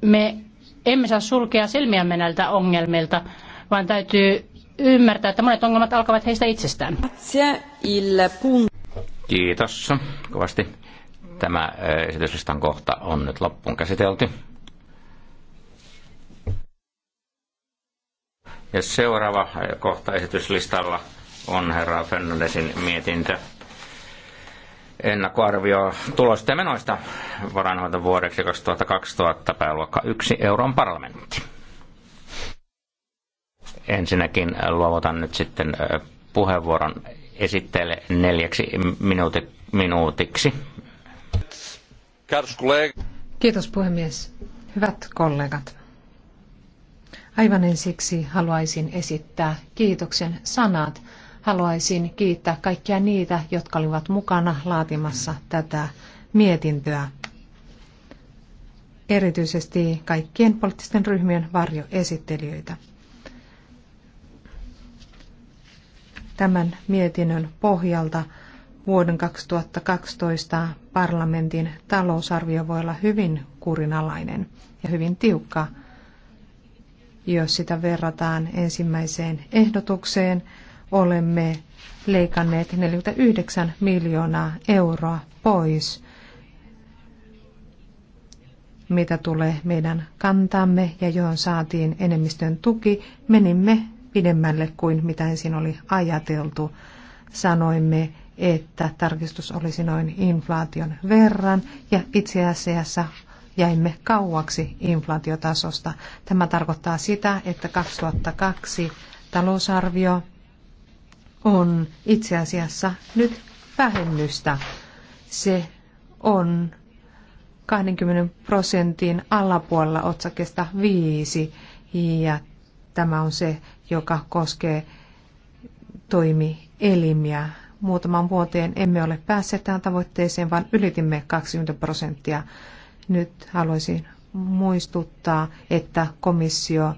me emme saa sulkea silmiämme näiltä ongelmilta, vaan täytyy ymmärtää, että monet ongelmat alkavat heistä itsestään. Kiitos kovasti. Tämä äh, esityslistan kohta on nyt loppuun käsitelty. Ja seuraava kohta esityslistalla on herra Fernandesin mietintö ennakkoarvio tulosta ja menoista vuodeksi 2012 pääluokka 1 euron parlamentti. Ensinnäkin luovutan nyt sitten puheenvuoron esitteelle neljäksi minuuti, minuutiksi. Kiitos puhemies. Hyvät kollegat. Aivan ensiksi haluaisin esittää kiitoksen sanat haluaisin kiittää kaikkia niitä, jotka olivat mukana laatimassa tätä mietintöä. Erityisesti kaikkien poliittisten ryhmien varjoesittelijöitä. Tämän mietinnön pohjalta vuoden 2012 parlamentin talousarvio voi olla hyvin kurinalainen ja hyvin tiukka, jos sitä verrataan ensimmäiseen ehdotukseen – olemme leikanneet 49 miljoonaa euroa pois, mitä tulee meidän kantamme ja johon saatiin enemmistön tuki, menimme pidemmälle kuin mitä ensin oli ajateltu. Sanoimme, että tarkistus olisi noin inflaation verran ja itse asiassa jäimme kauaksi inflaatiotasosta. Tämä tarkoittaa sitä, että 2002 talousarvio on itse asiassa nyt vähennystä. Se on 20 prosentin alapuolella otsakesta 5 ja tämä on se, joka koskee toimielimiä. Muutaman vuoteen emme ole päässeet tähän tavoitteeseen, vaan ylitimme 20 prosenttia. Nyt haluaisin muistuttaa, että komissio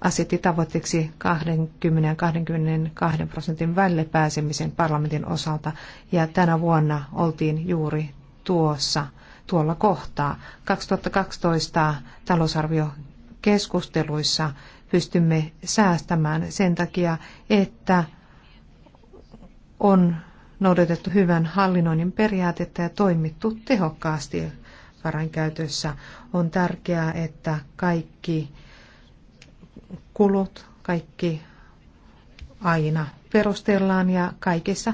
asetti tavoitteeksi 20 22 prosentin välille pääsemisen parlamentin osalta, ja tänä vuonna oltiin juuri tuossa tuolla kohtaa. 2012 talousarviokeskusteluissa pystymme säästämään sen takia, että on noudatettu hyvän hallinnoinnin periaatetta ja toimittu tehokkaasti varainkäytössä. On tärkeää, että kaikki kulut kaikki aina perustellaan ja kaikissa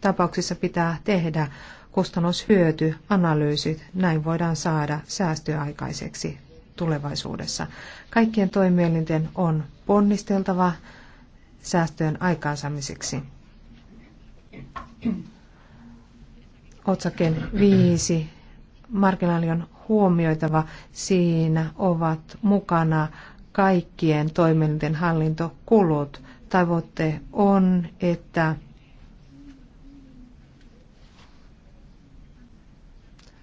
tapauksissa pitää tehdä kustannushyötyanalyysit. Näin voidaan saada säästöä aikaiseksi tulevaisuudessa. Kaikkien toimielinten on ponnisteltava säästöjen aikaansaamiseksi. Otsaken viisi marginaali on huomioitava. Siinä ovat mukana kaikkien toimielinten hallintokulut. tavoitte on, että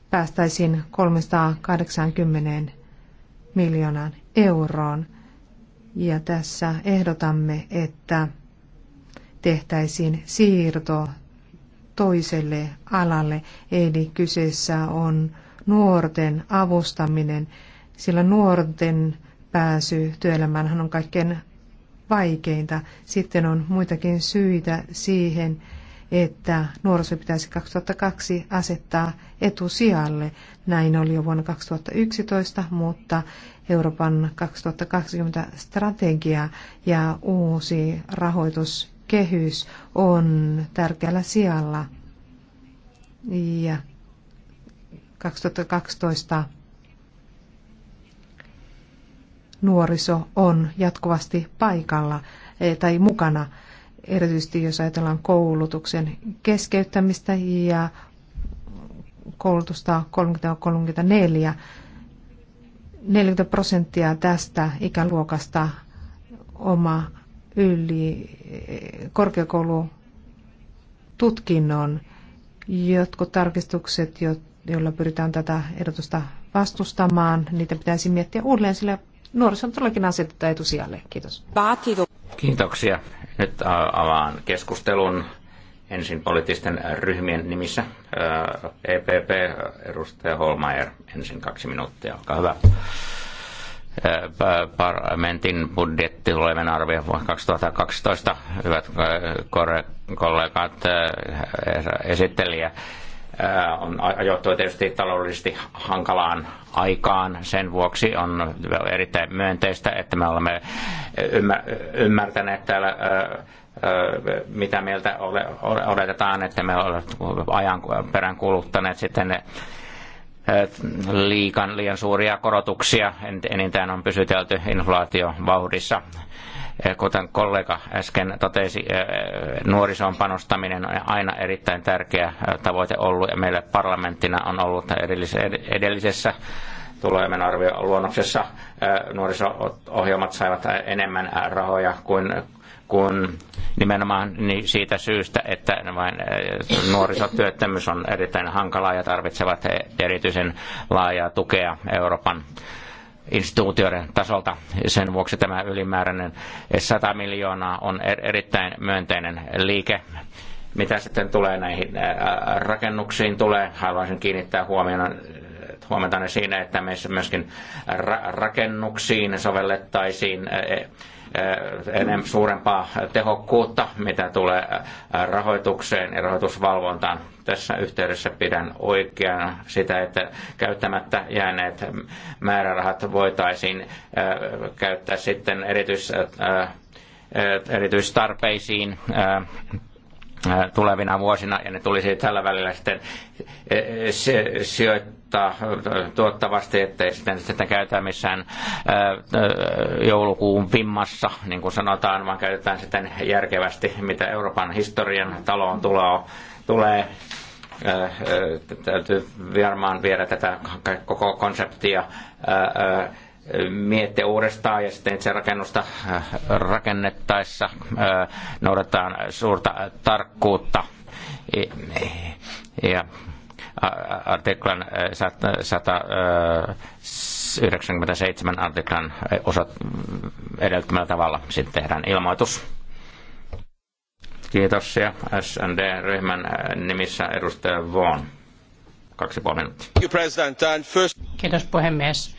päästäisiin 380 miljoonaan euroon. Ja tässä ehdotamme, että tehtäisiin siirto toiselle alalle, eli kyseessä on nuorten avustaminen, sillä nuorten pääsy työelämään on kaikkein vaikeinta. Sitten on muitakin syitä siihen, että nuoriso pitäisi 2002 asettaa etusijalle. Näin oli jo vuonna 2011, mutta Euroopan 2020 strategia ja uusi rahoituskehys on tärkeällä sijalla. Ja 2012 nuoriso on jatkuvasti paikalla eh, tai mukana, erityisesti jos ajatellaan koulutuksen keskeyttämistä ja koulutusta 30-34. 40 prosenttia tästä ikäluokasta oma yli eh, korkeakoulututkinnon. Jotkut tarkistukset, joilla pyritään tätä ehdotusta vastustamaan, niitä pitäisi miettiä uudelleen, sillä nuorison todellakin asetetta etusijalle. Kiitos. Kiitoksia. Nyt avaan keskustelun ensin poliittisten ryhmien nimissä. EPP, edustaja Holmeier, ensin kaksi minuuttia, olkaa hyvä. Parlamentin budjetti tulevan arvio vuonna 2012. Hyvät kollegat, esittelijä on ajoittunut tietysti taloudellisesti hankalaan aikaan. Sen vuoksi on erittäin myönteistä, että me olemme ymmärtäneet täällä mitä mieltä odotetaan, että me olemme ajan perään kuluttaneet sitten ne liikan, liian suuria korotuksia. Enintään on pysytelty inflaatiovauhdissa. Eh, kuten kollega äsken totesi, eh, eh, nuorisoon panostaminen on aina erittäin tärkeä tavoite ollut ja meille parlamenttina on ollut edellisessä tulojen arvio luonnoksessa nuoriso-ohjelmat saivat enemmän rahoja kuin kuin nimenomaan siitä syystä, että vain nuorisotyöttömyys on erittäin hankalaa ja tarvitsevat erityisen laajaa tukea Euroopan instituutioiden tasolta. Sen vuoksi tämä ylimääräinen 100 miljoonaa on er-, erittäin myönteinen liike. Mitä sitten tulee näihin rakennuksiin tulee, haluaisin kiinnittää huomiota huomioon siinä, että meissä myöskin rakennuksiin sovellettaisiin Eh, suurempaa tehokkuutta, mitä tulee eh, rahoitukseen ja rahoitusvalvontaan. Tässä yhteydessä pidän oikeana sitä, että käyttämättä jääneet määrärahat voitaisiin eh, käyttää sitten erityis, erityistarpeisiin Äh, tulevina vuosina, ja ne tulisi tällä välillä sitten e, e, sijoittaa äh, tuottavasti, ettei sitten, sitä käytä missään äh, joulukuun vimmassa, niin kuin sanotaan, vaan käytetään sitten järkevästi, mitä Euroopan historian taloon tulee täytyy varmaan viedä tätä koko konseptia miettiä uudestaan ja sitten itse rakennusta äh, rakennettaessa äh, noudataan suurta tarkkuutta. Ja äh, artiklan 197 artiklan osat mm, edellyttämällä tavalla sitten tehdään ilmoitus. Kiitos ja SND-ryhmän nimissä edustaja Vaughan. Kaksi puoli minuuttia. Kiitos puhemies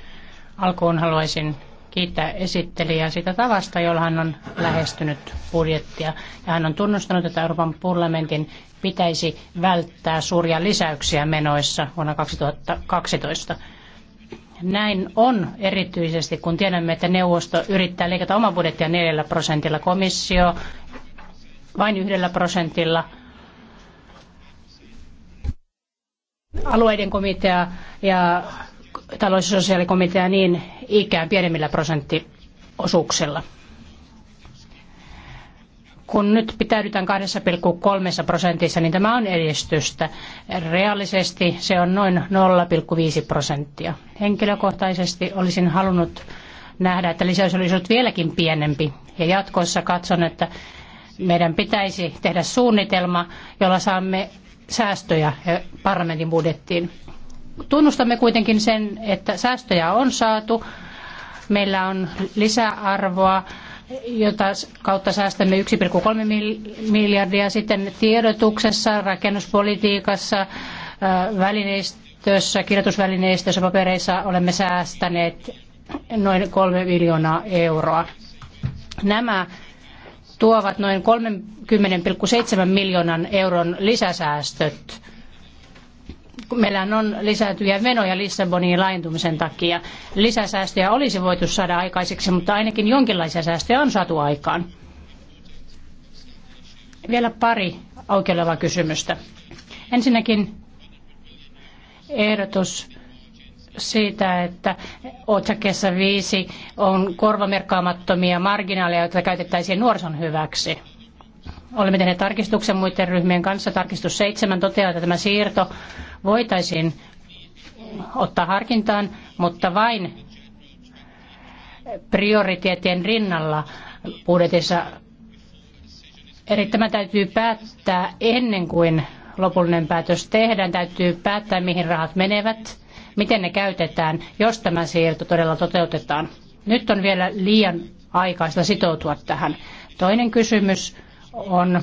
Alkuun haluaisin kiittää esittelijää siitä tavasta, jolla hän on lähestynyt budjettia. Ja hän on tunnustanut, että Euroopan parlamentin pitäisi välttää suuria lisäyksiä menoissa vuonna 2012. Näin on erityisesti, kun tiedämme, että neuvosto yrittää leikata oma budjettia neljällä prosentilla, komissio vain yhdellä prosentilla, alueiden komitea ja talous- ja sosiaalikomitea niin ikään pienemmillä prosenttiosuuksilla. Kun nyt pitäydytään 2,3 prosentissa, niin tämä on edistystä. Reaalisesti se on noin 0,5 prosenttia. Henkilökohtaisesti olisin halunnut nähdä, että lisäys olisi ollut vieläkin pienempi. Ja jatkossa katson, että meidän pitäisi tehdä suunnitelma, jolla saamme säästöjä eh, parlamentin budjettiin. Tunnustamme kuitenkin sen, että säästöjä on saatu, meillä on lisäarvoa, jota kautta säästämme 1,3 miljardia sitten tiedotuksessa, rakennuspolitiikassa, välineistössä, kirjoitusvälineistössä, papereissa olemme säästäneet noin kolme miljoonaa euroa. Nämä tuovat noin 30,7 miljoonan euron lisäsäästöt meillä on lisääntyviä menoja Lissabonin laajentumisen takia. Lisäsäästöjä olisi voitu saada aikaiseksi, mutta ainakin jonkinlaisia säästöjä on saatu aikaan. Vielä pari aukeilevaa kysymystä. Ensinnäkin ehdotus siitä, että otsakkeessa viisi on korvamerkkaamattomia marginaaleja, joita käytettäisiin nuorison hyväksi. Olemme tehneet tarkistuksen muiden ryhmien kanssa. Tarkistus 7 toteaa, että tämä siirto voitaisiin ottaa harkintaan, mutta vain prioriteettien rinnalla budjetissa. Eli tämä täytyy päättää ennen kuin lopullinen päätös tehdään. Täytyy päättää, mihin rahat menevät, miten ne käytetään, jos tämä siirto todella toteutetaan. Nyt on vielä liian aikaista sitoutua tähän. Toinen kysymys on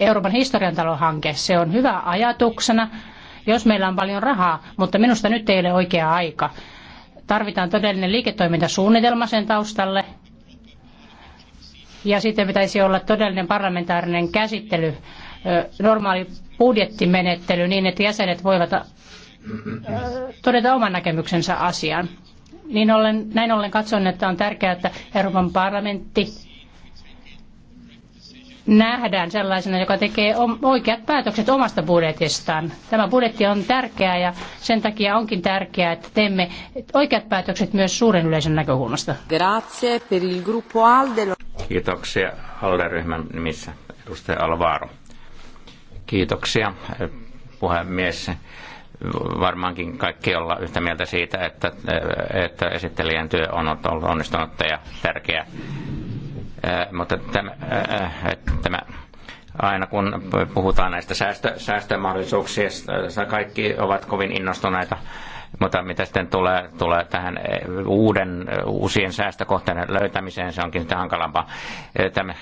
Euroopan historian talo-hanke. Se on hyvä ajatuksena, jos meillä on paljon rahaa, mutta minusta nyt ei ole oikea aika. Tarvitaan todellinen liiketoimintasuunnitelma sen taustalle. Ja sitten pitäisi olla todellinen parlamentaarinen käsittely, normaali budjettimenettely niin, että jäsenet voivat todeta oman näkemyksensä asiaan. Niin ollen, näin ollen katson, että on tärkeää, että Euroopan parlamentti nähdään sellaisena, joka tekee oikeat päätökset omasta budjetistaan. Tämä budjetti on tärkeä ja sen takia onkin tärkeää, että teemme oikeat päätökset myös suuren yleisön näkökulmasta. Grazie per il gruppo Kiitoksia halle ryhmän nimissä, edustaja Alvaro. Kiitoksia eh, puhemies. Varmaankin kaikki olla yhtä mieltä siitä, että, eh, että esittelijän työ on onnistunut ja tärkeä mutta tämä, tämä aina kun puhutaan näistä säästö, säästömahdollisuuksista, kaikki ovat kovin innostuneita mutta mitä sitten tulee, tulee tähän e, uuden, e, uusien säästökohteiden löytämiseen, se onkin sitten hankalampaa. E, tämä,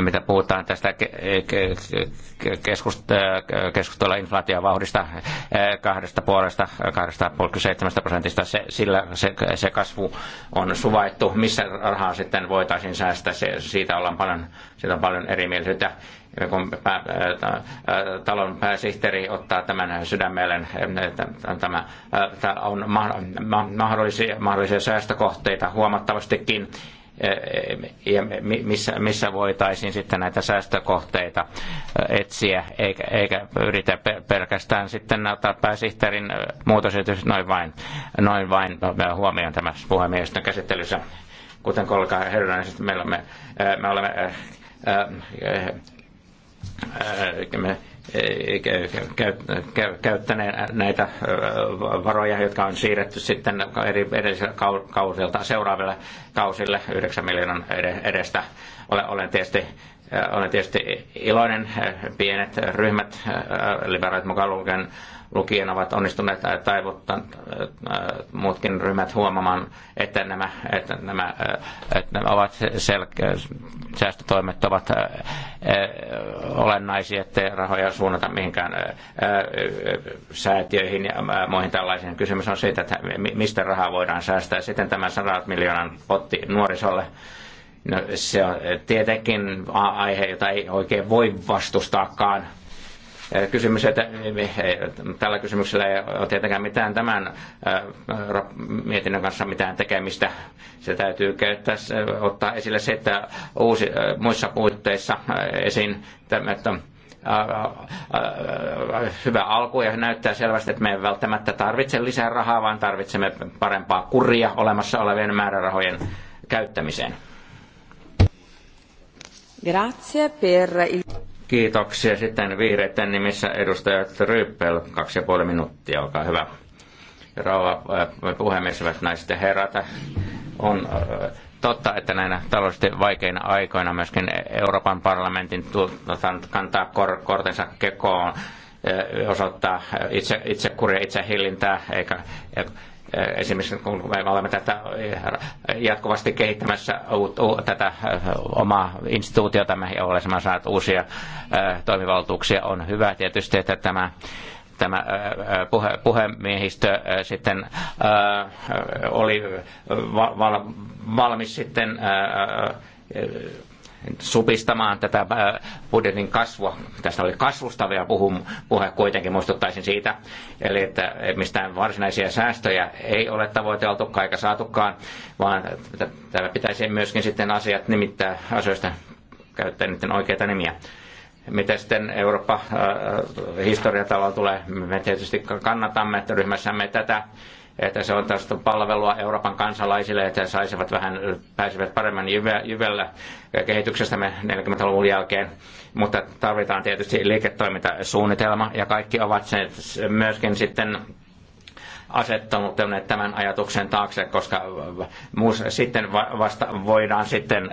mitä puhutaan tästä keskustella vauhdista kahdesta puolesta, 2,7 prosentista, se, sillä se, se kasvu on suvaittu. Missä rahaa sitten voitaisiin säästää, se, siitä ollaan paljon, siitä on paljon erimielisyyttä kun talon pääsihteeri ottaa tämän sydämellen, tämä, on mahdollisia, mahdollisia säästökohteita huomattavastikin, ja missä, missä voitaisiin sitten näitä säästökohteita etsiä, eikä, eikä yritä pelkästään sitten ottaa pääsihteerin muutosesitys noin vain, noin vain no, huomioon tämä puhemiehistön käsittelyssä. Kuten kollega Herranen, siis meillä me, me olemme käyttäneen näitä varoja, jotka on siirretty sitten eri kausilta seuraaville kausille 9 miljoonan edestä. Olen tietysti, olen tietysti iloinen, pienet ryhmät, liberaalit mukaan lukien, lukien ovat onnistuneet äh, taivuttaa äh, äh, muutkin ryhmät huomamaan, että nämä, että nämä, että nämä ovat selkeä, säästötoimet ovat olennaisia, että rahoja suunnata mihinkään säätiöihin ja muihin tällaisiin. Kysymys on siitä, että mistä rahaa voidaan säästää. Sitten tämä 100 miljoonan potti nuorisolle. No, se on tietenkin aihe, jota ei oikein voi vastustaakaan kysymys, että tällä kysymyksellä ei ole tietenkään mitään tämän mietinnön kanssa mitään tekemistä. Se täytyy käyttää, ottaa esille se, että uusi, muissa puitteissa esiin, että hyvä alku ja näyttää selvästi, että me ei välttämättä tarvitse lisää rahaa, vaan tarvitsemme parempaa kuria olemassa olevien määrärahojen käyttämiseen. Grazie per il... Kiitoksia sitten vihreiden nimissä edustaja Tryppel, kaksi ja puoli minuuttia, olkaa hyvä. Rauha äh, puhemies, hyvät naiset ja herrat, on äh, totta, että näinä taloudellisesti vaikeina aikoina myöskin Euroopan parlamentin kantaa kor, kortensa kekoon äh, osoittaa itse, itse hillintää, eikä, Eh, esimerkiksi kun me olemme tätä eh, jatkuvasti kehittämässä tätä eh, omaa instituutiota, me olemme saaneet uusia toimivaltuuksia, on hyvä tietysti, että tämä tämä puhe, puhemiehistö sitten äh, oli val, valmis sitten äh, supistamaan tätä äh, budjetin kasvua. Tästä oli kasvusta vielä puhun, puhe kuitenkin, muistuttaisin siitä. Eli että mistään varsinaisia säästöjä ei ole tavoiteltu, eikä saatukaan, vaan täällä pitäisi myöskin sitten asiat nimittää asioista käyttää niiden oikeita nimiä. Miten sitten Eurooppa äh, äh, historiatalolla tulee? Me tietysti kannatamme ryhmässämme tätä että se on tästä palvelua Euroopan kansalaisille, että he saisivat vähän, pääsivät paremmin jyvällä me 40-luvun jälkeen. Mutta tarvitaan tietysti liiketoimintasuunnitelma ja kaikki ovat sen myöskin sitten asettanut tämän ajatuksen taakse, koska sitten vasta voidaan sitten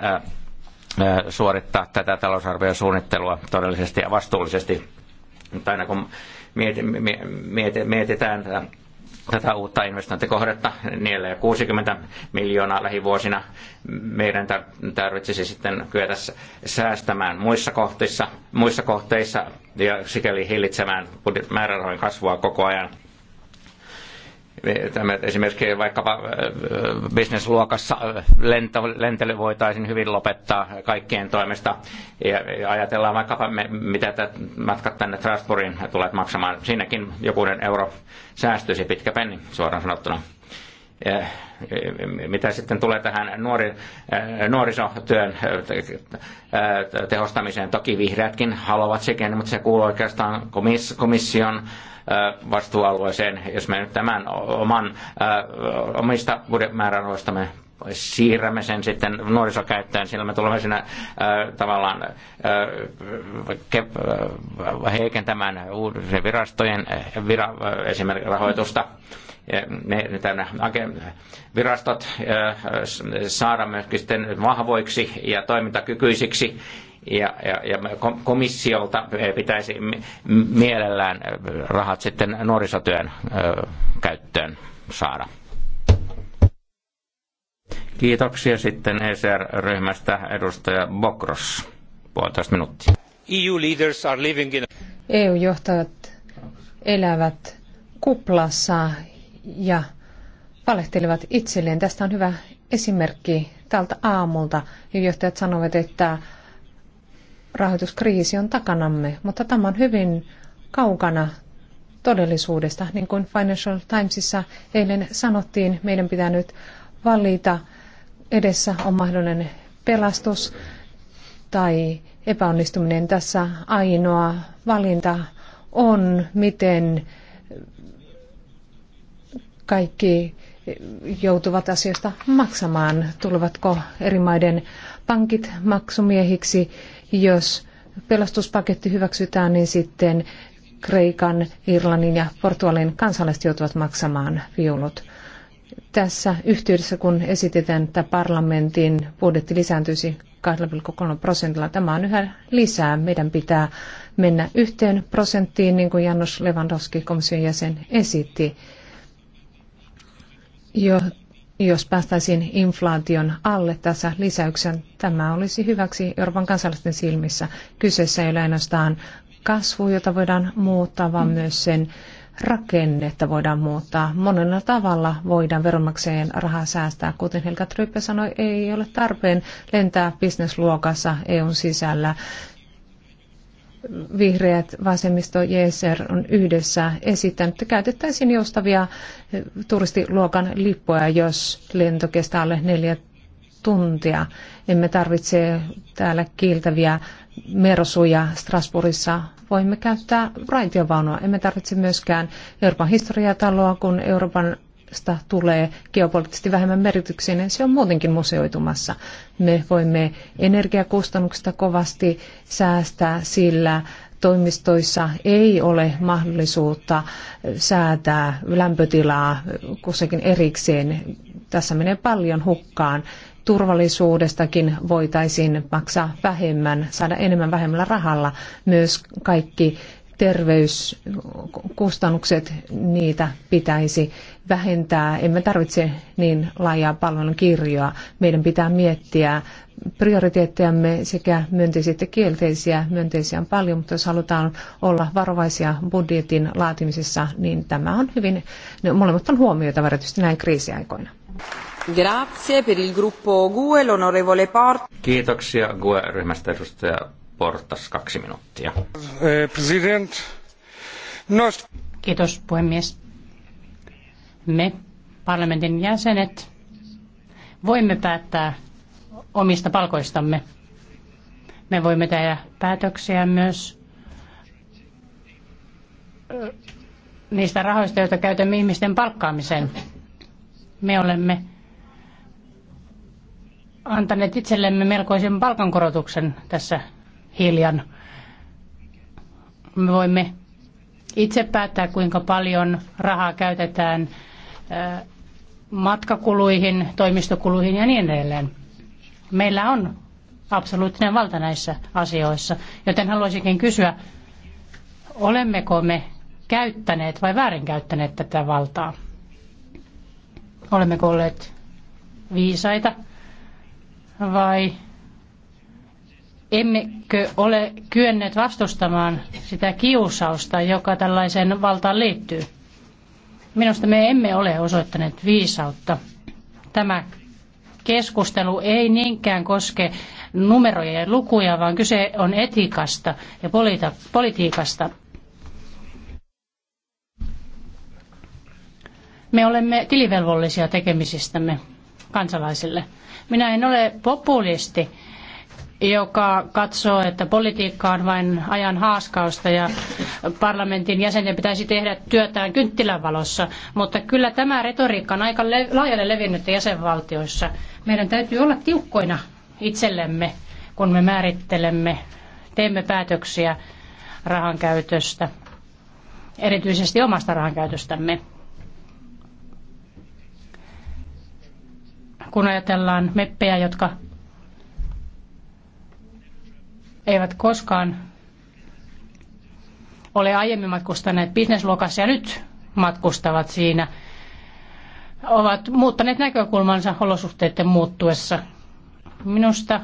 suorittaa tätä suunnittelua todellisesti ja vastuullisesti. Mutta aina kun mietitään tätä uutta investointikohdetta 460 miljoonaa lähivuosina. Meidän tarvitsisi sitten kyetä säästämään muissa kohteissa, muissa kohteissa ja sikäli hillitsemään määrärahojen kasvua koko ajan esimerkiksi vaikkapa bisnesluokassa lentely voitaisiin hyvin lopettaa kaikkien toimesta. Ja ajatellaan vaikkapa, me, mitä matkat tänne Strasbourgiin tulet maksamaan. Siinäkin jokuinen euro säästyisi, pitkä penni suoraan sanottuna. Ja mitä sitten tulee tähän nuori, nuorisotyön tehostamiseen, toki vihreätkin haluavat sekin, mutta se kuuluu oikeastaan komission vastuualueeseen, jos me nyt tämän oman, omista budjettimäärärahoistamme siirrämme sen sitten nuorisokäyttöön, sillä me tulemme siinä tavallaan heikentämään uusien virastojen vira, esimerkiksi rahoitusta. Ja ne virastot saada myöskin sitten vahvoiksi ja toimintakykyisiksi ja, ja, ja komissiolta eh, pitäisi mielellään eh, rahat sitten nuorisotyön eh, käyttöön saada. Kiitoksia sitten ECR-ryhmästä edustaja Bokros. Puolitoista minuuttia. EU-leaders are living in... EU-johtajat elävät kuplassa ja valehtelevat itselleen. Tästä on hyvä esimerkki tältä aamulta. EU-johtajat sanovat, että rahoituskriisi on takanamme, mutta tämä on hyvin kaukana todellisuudesta. Niin kuin Financial Timesissa eilen sanottiin, meidän pitää nyt valita edessä on mahdollinen pelastus tai epäonnistuminen. Tässä ainoa valinta on, miten kaikki joutuvat asioista maksamaan. Tulevatko eri maiden pankit maksumiehiksi jos pelastuspaketti hyväksytään, niin sitten Kreikan, Irlannin ja Portugalin kansalaiset joutuvat maksamaan viulut. Tässä yhteydessä, kun esitetään, että parlamentin budjetti lisääntyisi 2,3 prosentilla, tämä on yhä lisää. Meidän pitää mennä yhteen prosenttiin, niin kuin Janos Lewandowski, komission jäsen, esitti, jotta jos päästäisiin inflaation alle tässä lisäyksen. Tämä olisi hyväksi Euroopan kansalaisten silmissä. Kyseessä ei ole ainoastaan kasvu, jota voidaan muuttaa, vaan myös sen rakennetta voidaan muuttaa. Monella tavalla voidaan veronmaksajien rahaa säästää. Kuten Helga Tryppe sanoi, ei ole tarpeen lentää bisnesluokassa EUn sisällä vihreät, vasemmisto, JSR on yhdessä esittänyt, että käytettäisiin joustavia eh, turistiluokan lippuja, jos lento kestää alle neljä tuntia. Emme tarvitse täällä kiiltäviä mersuja Strasbourgissa. Voimme käyttää raitiovaunua. Emme tarvitse myöskään Euroopan historiataloa, kun Euroopan museoista tulee geopoliittisesti vähemmän merkityksinen, niin se on muutenkin museoitumassa. Me voimme energiakustannuksista kovasti säästää, sillä toimistoissa ei ole mahdollisuutta säätää lämpötilaa kussakin erikseen. Tässä menee paljon hukkaan. Turvallisuudestakin voitaisiin maksaa vähemmän, saada enemmän vähemmällä rahalla. Myös kaikki terveyskustannukset, niitä pitäisi vähentää. Emme tarvitse niin laajaa palvelun kirjoa. Meidän pitää miettiä prioriteettejamme sekä myönteisiä että kielteisiä. Myönteisiä on paljon, mutta jos halutaan olla varovaisia budjetin laatimisessa, niin tämä on hyvin, ne molemmat on huomioitava erityisesti näin kriisiaikoina. Grazie per il gruppo GUE, l'onorevole Port. Kiitoksia GUE-ryhmästä edustaja Portas, kaksi minuuttia. Eh, president. Nost... Kiitos puhemies. Me parlamentin jäsenet voimme päättää omista palkoistamme. Me voimme tehdä päätöksiä myös eh, niistä rahoista, joita käytämme ihmisten palkkaamiseen. Me olemme antaneet itsellemme melkoisen palkankorotuksen tässä hiljan. Me voimme itse päättää, kuinka paljon rahaa käytetään matkakuluihin, toimistokuluihin ja niin edelleen. Meillä on absoluuttinen valta näissä asioissa, joten haluaisinkin kysyä, olemmeko me käyttäneet vai väärinkäyttäneet tätä valtaa? Olemmeko olleet viisaita vai emmekö ole kyenneet vastustamaan sitä kiusausta, joka tällaiseen valtaan liittyy. Minusta me emme ole osoittaneet viisautta. Tämä keskustelu ei niinkään koske numeroja ja lukuja, vaan kyse on etiikasta ja politiikasta. Me olemme tilivelvollisia tekemisistämme kansalaisille. Minä en ole populisti, joka katsoo, että politiikka on vain ajan haaskausta ja parlamentin jäsenten pitäisi tehdä työtään kynttilän valossa. Mutta kyllä tämä retoriikka on aika le- laajalle levinnyt jäsenvaltioissa. Meidän täytyy olla tiukkoina itsellemme, kun me määrittelemme, teemme päätöksiä rahankäytöstä, erityisesti omasta rahankäytöstämme. Kun ajatellaan meppejä, jotka eivät koskaan ole aiemmin matkustaneet bisnesluokassa ja nyt matkustavat siinä, ovat muuttaneet näkökulmansa olosuhteiden muuttuessa. Minusta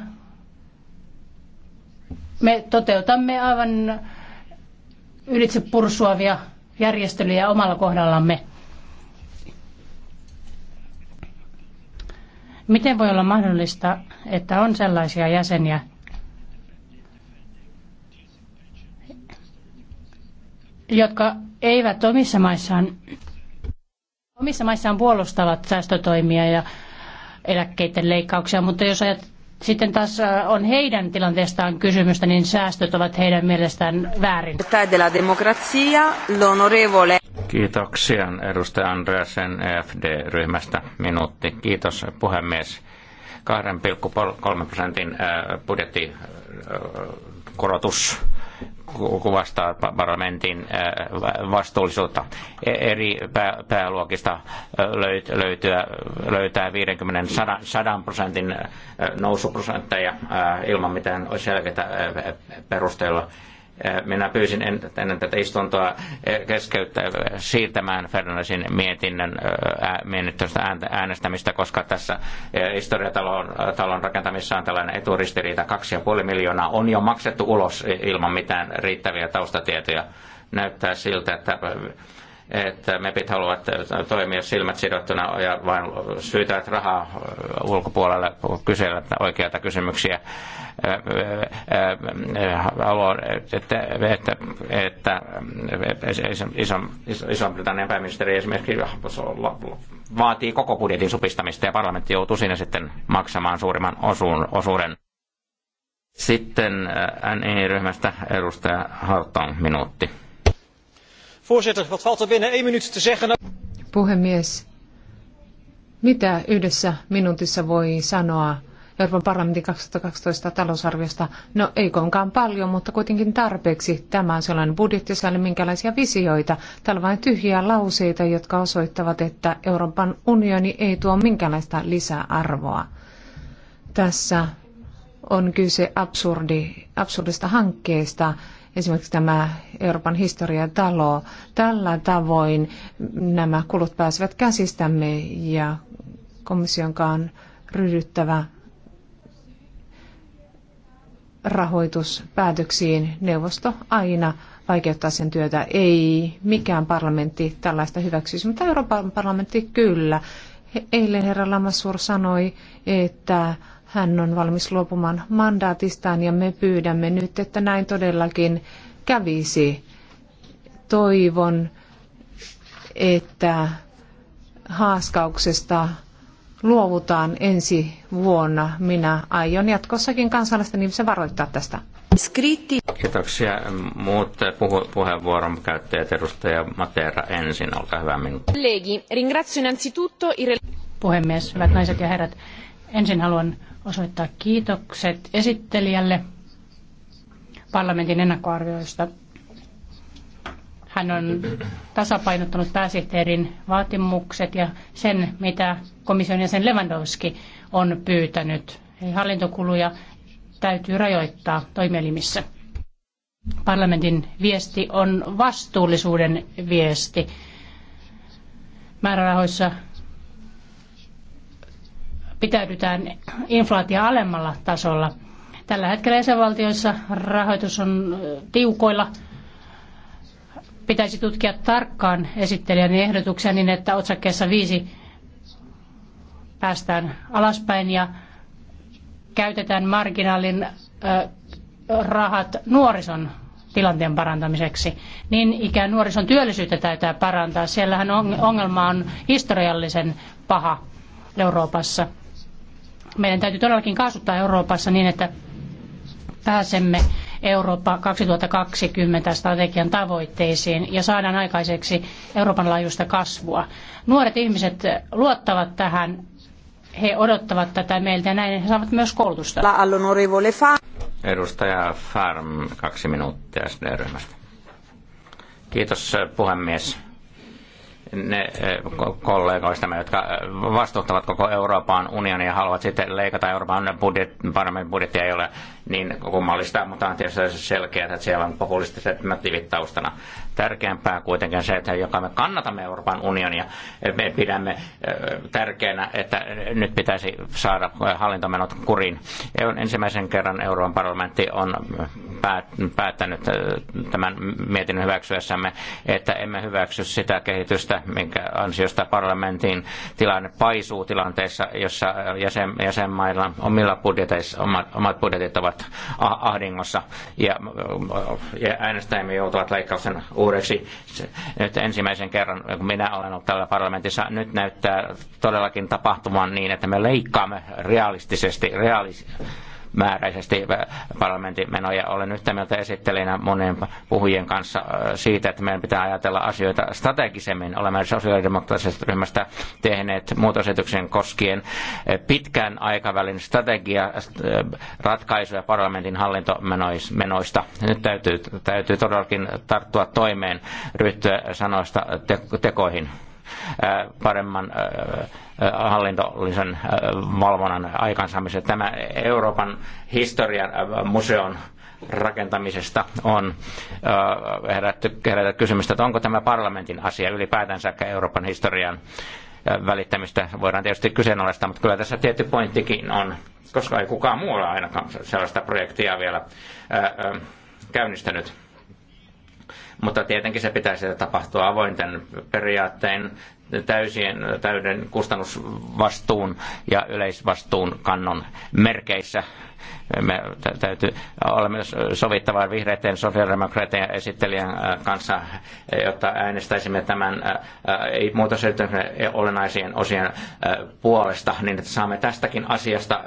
me toteutamme aivan ylitse pursuavia järjestelyjä omalla kohdallamme. Miten voi olla mahdollista, että on sellaisia jäseniä, jotka eivät omissa maissaan, omissa maissaan puolustavat säästötoimia ja eläkkeiden leikkauksia, mutta jos ajat, sitten taas äh, on heidän tilanteestaan kysymystä, niin säästöt ovat heidän mielestään väärin. l'onorevole. Kiitoksia edustaja Andreasen EFD-ryhmästä. Minuutti. Kiitos puhemies. 2,3 prosentin äh, budjettikorotus kuvastaa parlamentin äh, vastuullisuutta. E-, eri pääluokista äh, löytyä, löytää 50 100 prosentin äh, nousuprosentteja ilman mitään selkeitä perusteilla Äh, minä pyysin ennen tätä istuntoa äh, keskeyttää äh, siirtämään Fernandesin mietinnön mietinnöstä äänestämistä, koska tässä historiatalon talon rakentamissa on tällainen eturistiriita. 2,5 miljoonaa on jo maksettu ulos ilman mitään riittäviä taustatietoja. Näyttää siltä, että että mepit haluavat toimia silmät sidottuna ja vain syytävät rahaa äh, ulkopuolelle kysellä oikeita kysymyksiä. Äh, äh, haluan, että, että, että Iso-Britannian pääministeri esimerkiksi vaatii koko budjetin supistamista ja parlamentti joutuu siinä sitten maksamaan suurimman osuuden. Sitten NI-ryhmästä edustaja Harton minuutti. Voorzitter, wat valt er binnen één minuut te zeggen? Puhemies, mitä yhdessä minuutissa voi sanoa Euroopan parlamentin 2012 talousarviosta? No ei kovinkaan paljon, mutta kuitenkin tarpeeksi. Tämä on sellainen budjetti, jossa ei ole minkälaisia visioita. Täällä on vain tyhjiä lauseita, jotka osoittavat, että Euroopan unioni ei tuo minkäänlaista lisäarvoa. Tässä on kyse absurdi, absurdista hankkeesta, esimerkiksi tämä Euroopan talo. Tällä tavoin nämä kulut pääsevät käsistämme ja komissionkaan ryhdyttävä rahoituspäätöksiin. Neuvosto aina vaikeuttaa sen työtä. Ei mikään parlamentti tällaista hyväksyisi, mutta Euroopan parlamentti kyllä. Eilen herra Lamassur sanoi, että hän on valmis luopumaan mandaatistaan ja me pyydämme nyt, että näin todellakin kävisi. Toivon, että haaskauksesta luovutaan ensi vuonna. Minä aion jatkossakin kansalaisten nimissä varoittaa tästä. Skritti. Kiitoksia. Muut puhu- puheenvuoron käyttäjät, edustaja Matera ensin, olkaa hyvä minuutti. Puhemies, hyvät naiset ja herrat, ensin haluan osoittaa kiitokset esittelijälle parlamentin ennakkoarvioista. Hän on tasapainottanut pääsihteerin vaatimukset ja sen, mitä komission jäsen Lewandowski on pyytänyt. Eli hallintokuluja täytyy rajoittaa toimielimissä. Parlamentin viesti on vastuullisuuden viesti. Määrärahoissa pitäydytään inflaatio alemmalla tasolla. Tällä hetkellä jäsenvaltioissa rahoitus on tiukoilla. Pitäisi tutkia tarkkaan esittelijän ehdotuksia niin, että otsakkeessa viisi päästään alaspäin ja käytetään marginaalin rahat nuorison tilanteen parantamiseksi. Niin ikään nuorison työllisyyttä täytyy parantaa. Siellähän ongelma on historiallisen paha Euroopassa. Meidän täytyy todellakin kaasuttaa Euroopassa niin, että pääsemme Eurooppa 2020 strategian tavoitteisiin ja saadaan aikaiseksi Euroopan laajuista kasvua. Nuoret ihmiset luottavat tähän, he odottavat tätä meiltä ja näin he saavat myös koulutusta. Edustaja Farm, kaksi minuuttia ryhmästä. Kiitos puhemies ne eh, kollegoista, jotka eh, vastuuttavat koko Euroopan unionia ja haluavat sitten leikata Euroopan budjet, paremmin budjettia, ei ole niin kummallista, mutta on tietysti selkeää, että siellä on populistiset motiivit taustana. Tärkeämpää kuitenkin se, että joka me kannatamme Euroopan unionia, me pidämme tärkeänä, että nyt pitäisi saada hallintomenot kuriin. Ensimmäisen kerran Euroopan parlamentti on päättänyt tämän mietinnön hyväksyessämme, että emme hyväksy sitä kehitystä, minkä ansiosta parlamentin tilanne paisuu tilanteessa, jossa jäsen, jäsenmailla omilla budjeteissa, omat, omat budjetit ovat ovat ahdingossa ja, ja äänestäjämme joutuvat leikkausten uudeksi. Nyt ensimmäisen kerran, kun minä olen ollut täällä parlamentissa, nyt näyttää todellakin tapahtumaan niin, että me leikkaamme realistisesti, realistisesti määräisesti parlamentin menoja. Olen yhtä mieltä esittelijänä monien puhujien kanssa siitä, että meidän pitää ajatella asioita strategisemmin. Olemme sosiaalidemokraattisesta ryhmästä tehneet muutosetuksen koskien pitkän aikavälin strategia ratkaisuja parlamentin hallintomenoista. Nyt täytyy, täytyy todellakin tarttua toimeen, ryhtyä sanoista tekoihin. Äh, paremman äh, äh, hallintollisen valvonnan aikaansaamiseen. Tämä Euroopan historian museon rakentamisesta on herätty, herätty kysymystä, että onko tämä parlamentin asia ylipäätänsä Euroopan historian välittämistä voidaan tietysti kyseenalaistaa, mutta kyllä tässä tietty pointtikin on, koska ei kukaan muulla ainakaan sellaista projektia vielä ää, ää, käynnistänyt. Mutta tietenkin se pitäisi tapahtua avointen periaatteen täysien, täyden kustannusvastuun ja yleisvastuun kannon merkeissä. Me täytyy, myös sovittavaa vihreiden sosiaalidemokraattien esittelijän äh, kanssa, jotta äänestäisimme tämän äh, äh, muutosesityksen olennaisien osien puolesta, niin että saamme tästäkin asiasta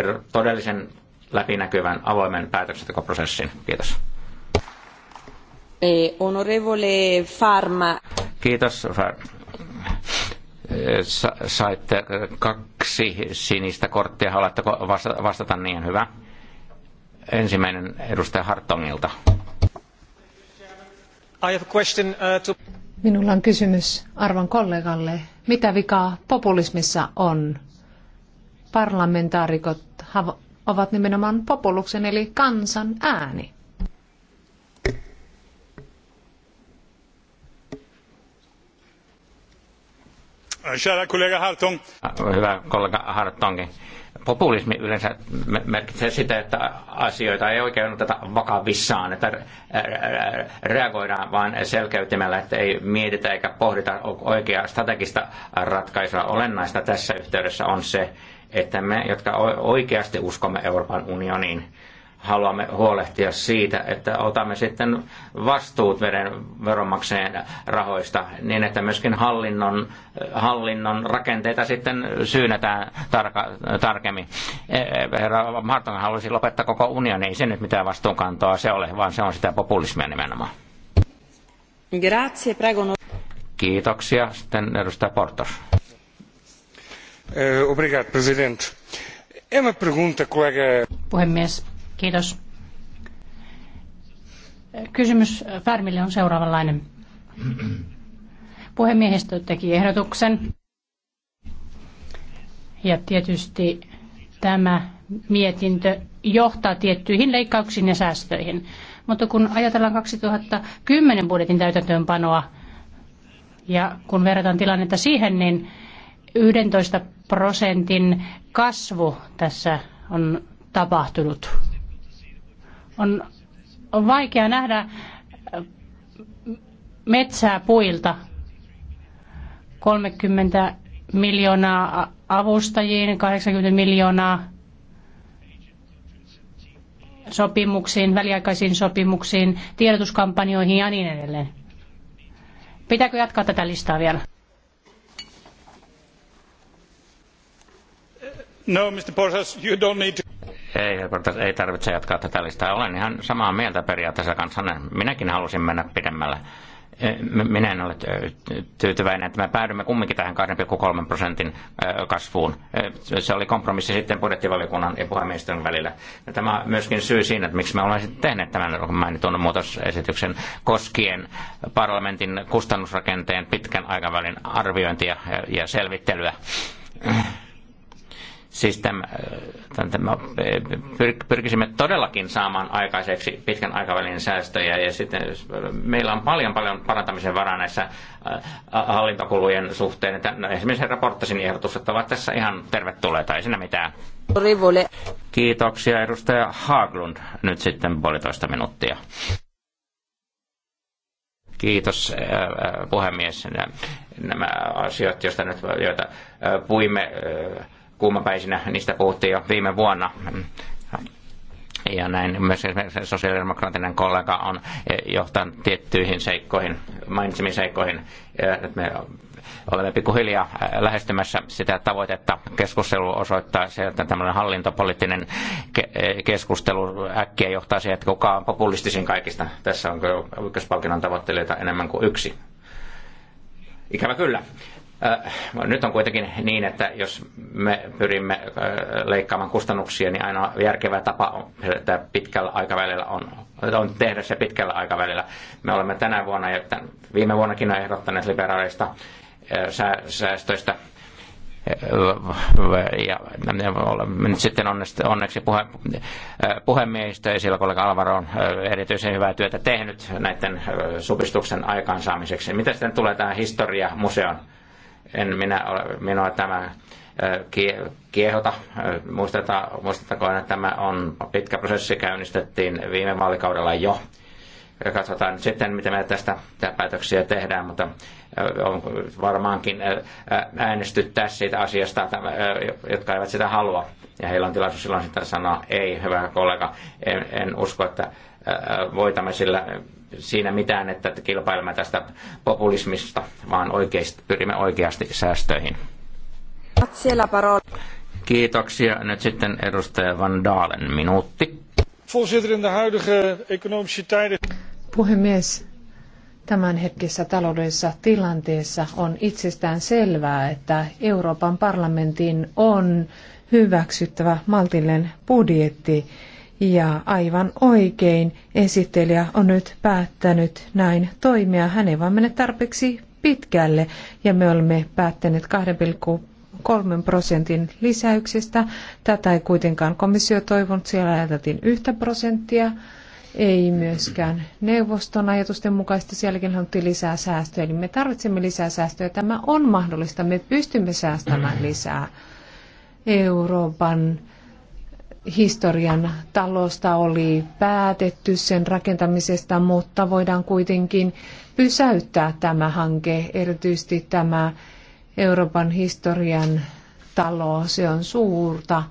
er- todellisen läpinäkyvän avoimen päätöksentekoprosessin. Kiitos. Eh, onorevole Farma. Kiitos. Eh, saitte kaksi sinistä korttia. Haluatteko vastata niin hyvä? Ensimmäinen edustaja Hartongilta. Uh, Minulla on kysymys arvon kollegalle. Mitä vikaa populismissa on? Parlamentaarikot ovat nimenomaan populuksen eli kansan ääni. Kära kollega Hartong. Ah, hyvä kollega Hartongi. Populismi yleensä merkitsee sitä, että asioita ei oikein oteta vakavissaan, että reagoidaan vain selkeytymällä, että ei mietitä eikä pohdita oikeaa strategista ratkaisua. Olennaista tässä yhteydessä on se, että me, jotka oikeasti uskomme Euroopan unioniin, haluamme huolehtia siitä, että otamme sitten vastuut veden veronmaksajien rahoista niin, että myöskin hallinnon, hallinnon rakenteita sitten syynetään tarka, tarkemmin. E, e, herra Marton haluaisi lopettaa koko unioni, ei se nyt mitään vastuunkantoa se ole, vaan se on sitä populismia nimenomaan. Grazie, prego. No- Kiitoksia. Sitten edustaja Portos. Eh, obrigado, president. Puhemies, Kiitos. Kysymys Färmille on seuraavanlainen. Puhemiehistö teki ehdotuksen ja tietysti tämä mietintö johtaa tiettyihin leikkauksiin ja säästöihin. Mutta kun ajatellaan 2010 budjetin täytäntöönpanoa ja kun verrataan tilannetta siihen, niin 11 prosentin kasvu tässä on tapahtunut. On, on vaikea nähdä metsää puilta. 30 miljoonaa avustajiin, 80 miljoonaa sopimuksiin, väliaikaisiin sopimuksiin, tiedotuskampanjoihin ja niin edelleen. Pitääkö jatkaa tätä listaa vielä? No, Mr. Porras, you don't need to... Ei, ei tarvitse jatkaa tätä listaa. Olen ihan samaa mieltä periaatteessa kanssa. Minäkin halusin mennä pidemmälle. E, minä en ole tyytyväinen, että me päädymme kumminkin tähän 2,3 prosentin kasvuun. E, se oli kompromissi sitten budjettivaliokunnan ja puhemiestön välillä. Ja tämä on myöskin syy siinä, että miksi me olemme sitten tehneet tämän mainitun muutosesityksen koskien parlamentin kustannusrakenteen pitkän aikavälin arviointia ja selvittelyä Siis äh, tämän, tämän, äh, pyrkisimme todellakin saamaan aikaiseksi pitkän aikavälin säästöjä ja sitten äh, meillä on paljon paljon parantamisen varaa näissä hallintokulujen suhteen. Että, no, esimerkiksi raporttisin ehdotukset ovat tässä ihan tervetulleita, ei siinä mitään. Rivule. Kiitoksia edustaja Haglund Nyt sitten puolitoista minuuttia. Kiitos puhemies. Nämä asiat, joista nyt, joita puimme, kuumapäisinä. Niistä puhuttiin jo viime vuonna. Ja näin myös sosiaalidemokraattinen kollega on eh, johtanut tiettyihin seikkoihin, mainitsemiin seikkoihin. me olemme pikkuhiljaa eh, lähestymässä sitä tavoitetta. Keskustelu osoittaa se, että tämmöinen hallintopoliittinen eh, keskustelu äkkiä johtaa siihen, että kuka on populistisin kaikista. Tässä on ykköspalkinnon tavoittelijoita enemmän kuin yksi. Ikävä kyllä. Äh, nyt on kuitenkin niin, että jos me pyrimme äh, leikkaamaan kustannuksia, niin aina järkevä tapa että pitkällä aikavälillä on, on tehdä se pitkällä aikavälillä. Me olemme tänä vuonna ja viime vuonnakin ehdottaneet liberaaleista äh, säästöistä ja nyt sitten onneksi puhe, puhemiehistö esillä kollega Alvaro on erityisen hyvää työtä tehnyt näiden supistuksen aikaansaamiseksi. Mitä sitten tulee tähän museon? En minä ole, minua tämä kiehota. Muisteta, muistettakoon, että tämä on pitkä prosessi, käynnistettiin viime vaalikaudella jo. Katsotaan sitten, miten me tästä päätöksiä tehdään, mutta on varmaankin äänestyttää siitä asiasta, jotka eivät sitä halua. Ja heillä on tilaisuus silloin sitä sanoa, ei, hyvä kollega, en, en usko, että voitamme sillä siinä mitään, että kilpailemme tästä populismista, vaan oikeasti, pyrimme oikeasti säästöihin. Kiitoksia. Nyt sitten edustaja Van Dalen minuutti. Voorzitter, in Puhemies, tämänhetkisessä taloudellisessa tilanteessa on itsestään selvää, että Euroopan parlamentin on hyväksyttävä maltillinen budjetti ja aivan oikein esittelijä on nyt päättänyt näin toimia. Hän ei vaan mene tarpeeksi pitkälle ja me olemme päättäneet 2,3 prosentin lisäyksestä. Tätä ei kuitenkaan komissio toivonut, siellä ajateltiin yhtä prosenttia. Ei myöskään neuvoston ajatusten mukaista, sielläkin haluttiin lisää säästöjä, eli me tarvitsemme lisää säästöjä. Tämä on mahdollista, me pystymme säästämään lisää Euroopan historian talosta oli päätetty sen rakentamisesta, mutta voidaan kuitenkin pysäyttää tämä hanke, erityisesti tämä Euroopan historian talo, se on suurta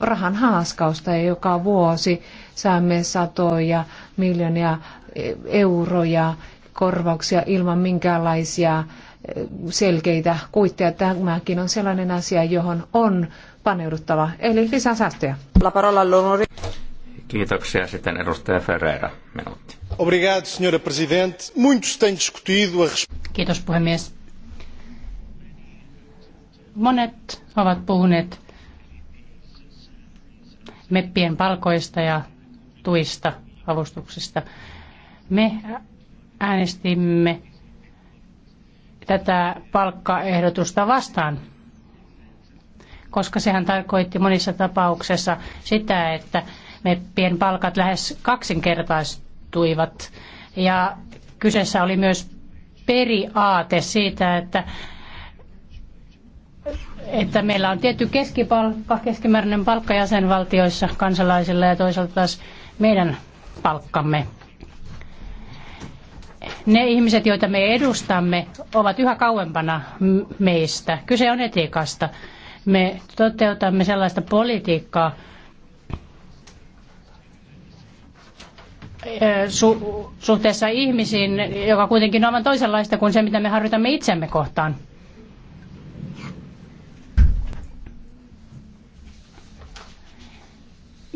rahan haaskausta ja joka vuosi saamme satoja miljoonia euroja korvauksia ilman minkäänlaisia selkeitä kuitteja. Tämäkin on sellainen asia, johon on paneuduttava, eli lisää säästöjä. Kiitoksia sitten edustaja Ferreira, minuutti. Obrigado, senhora presidente. Muitos têm discutido a... Kiitos puhemies. Monet ovat puhuneet meppien palkoista ja tuista, avustuksista. Me äänestimme tätä palkkaehdotusta vastaan koska sehän tarkoitti monissa tapauksessa sitä, että meppien palkat lähes kaksinkertaistuivat. Ja kyseessä oli myös periaate siitä, että, että meillä on tietty keskipalkka, keskimääräinen palkka jäsenvaltioissa kansalaisilla ja toisaalta taas meidän palkkamme. Ne ihmiset, joita me edustamme, ovat yhä kauempana meistä. Kyse on etiikasta me toteutamme sellaista politiikkaa, su- suhteessa ihmisiin, joka kuitenkin on aivan toisenlaista kuin se, mitä me harjoitamme itsemme kohtaan.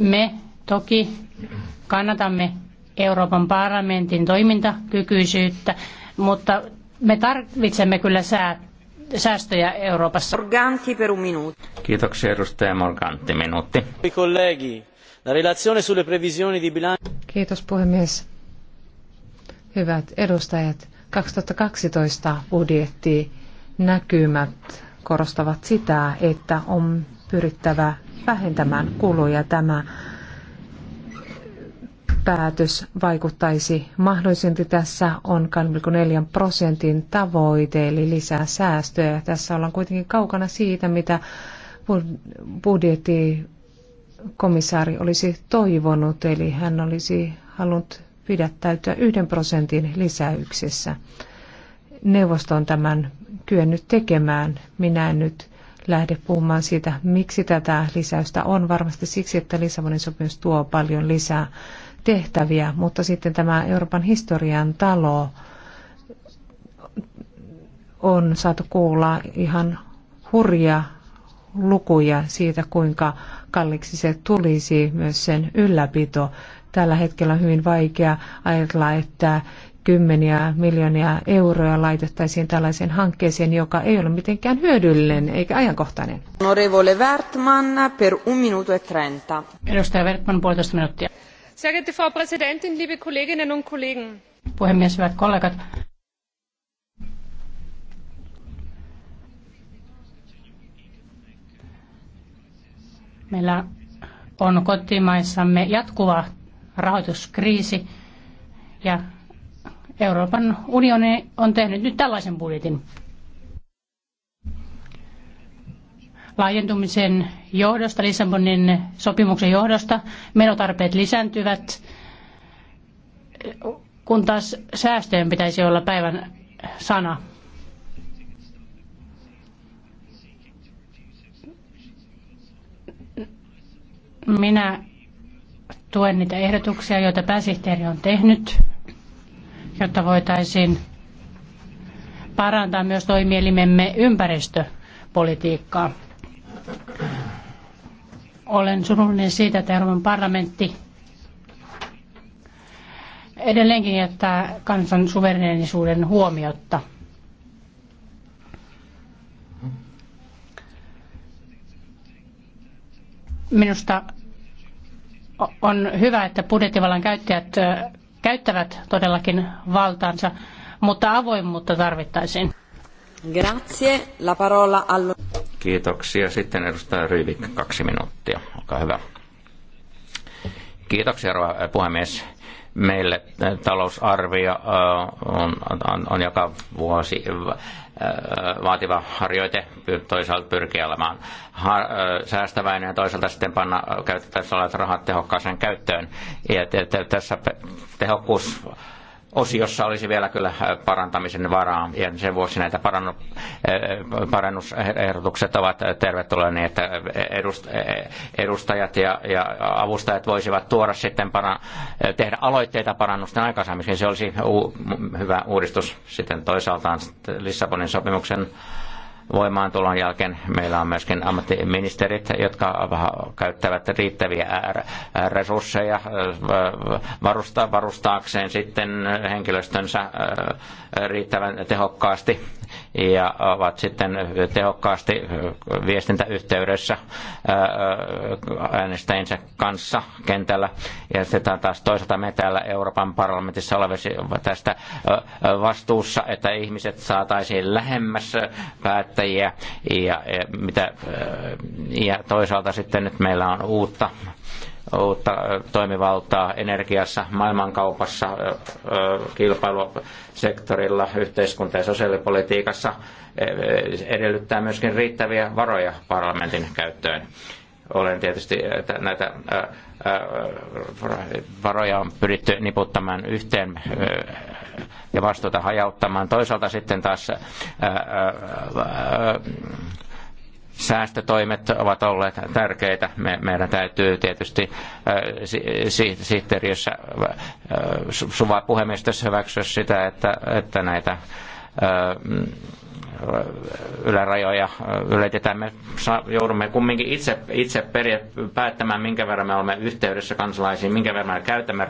Me toki kannatamme Euroopan parlamentin toimintakykyisyyttä, mutta me tarvitsemme kyllä säästöjä Euroopassa. Morganti per un minuutti. Kiitoksia edustaja Morganti, minuutti. Kiitos puhemies. Hyvät edustajat, 2012 budjetti näkymät korostavat sitä, että on pyrittävä vähentämään kuluja. Tämä päätös vaikuttaisi mahdollisesti. Tässä on 2,4 prosentin tavoite, eli lisää säästöjä. Tässä ollaan kuitenkin kaukana siitä, mitä budjettikomissaari olisi toivonut, eli hän olisi halunnut pidättäytyä yhden prosentin lisäyksessä. Neuvosto on tämän kyennyt tekemään. Minä en nyt lähde puhumaan siitä, miksi tätä lisäystä on. Varmasti siksi, että Lissabonin sopimus tuo paljon lisää tehtäviä, mutta sitten tämä Euroopan historian talo on saatu kuulla ihan hurja lukuja siitä, kuinka kalliiksi se tulisi myös sen ylläpito. Tällä hetkellä on hyvin vaikea ajatella, että kymmeniä miljoonia euroja laitettaisiin tällaiseen hankkeeseen, joka ei ole mitenkään hyödyllinen eikä ajankohtainen. Onorevole Wertman per un minuto e trenta. Edustaja Wertman, puolitoista minuuttia. Sehr geehrte Frau Präsidentin, liebe Kolleginnen und Kollegen! Meillä on kotimaissamme jatkuva rahoituskriisi ja Euroopan unioni on tehnyt nyt tällaisen budjetin. Laajentumisen johdosta, Lissabonin sopimuksen johdosta, menotarpeet lisääntyvät, kun taas säästöjen pitäisi olla päivän sana. Minä tuen niitä ehdotuksia, joita pääsihteeri on tehnyt, jotta voitaisiin parantaa myös toimielimemme ympäristöpolitiikkaa. Olen surullinen siitä, että Euroopan parlamentti edelleenkin jättää kansan suvereenisuuden huomiotta. Minusta on hyvä, että budjettivallan käyttäjät käyttävät todellakin valtaansa, mutta avoimuutta tarvittaisiin. Grazie. La parola allo... Kiitoksia. Sitten edustaja ryvik kaksi minuuttia. Olkaa hyvä. Kiitoksia, puhemies. Meille äh, talousarvio äh, on, on, on joka vuosi äh, vaativa harjoite toisaalta pyrkiä olemaan säästäväinen ja toisaalta sitten panna käytettävissä olevat rahat tehokkaaseen käyttöön. Ja tässä tehokkuus osiossa olisi vielä kyllä äh, parantamisen varaa, ja sen vuoksi näitä parannu, äh, parannusehdotukset ovat tervetulleet niin, että äh, edustajat ja, ja avustajat voisivat tuoda sitten para, tehdä aloitteita parannusten aikaisemmin, Se olisi u, hyvä uudistus sitten toisaaltaan Lissabonin sopimuksen voimaantulon jälkeen meillä on myöskin ammattiministerit, jotka käyttävät riittäviä resursseja varustaakseen sitten henkilöstönsä riittävän tehokkaasti ja ovat sitten tehokkaasti viestintäyhteydessä äänestäjinsä kanssa kentällä. Ja sitten taas toisaalta me täällä Euroopan parlamentissa olemme tästä vastuussa, että ihmiset saataisiin lähemmäs päättäjiä ja, mitä, ja toisaalta sitten nyt meillä on uutta uutta toimivaltaa energiassa, maailmankaupassa, kilpailusektorilla, yhteiskunta- ja sosiaalipolitiikassa e, e, edellyttää myöskin riittäviä varoja parlamentin käyttöön. Olen tietysti näitä varoja on pyritty niputtamaan yhteen ja vastuuta hajauttamaan. Toisaalta sitten taas säästötoimet ovat olleet tärkeitä. Me, meidän täytyy tietysti äh, sihteeriössä äh, suva puhemiestössä hyväksyä sitä, että, että näitä äh, ylärajoja yletetään. Me joudumme kumminkin itse, itse perje, päättämään, minkä verran me olemme yhteydessä kansalaisiin, minkä verran me käytämme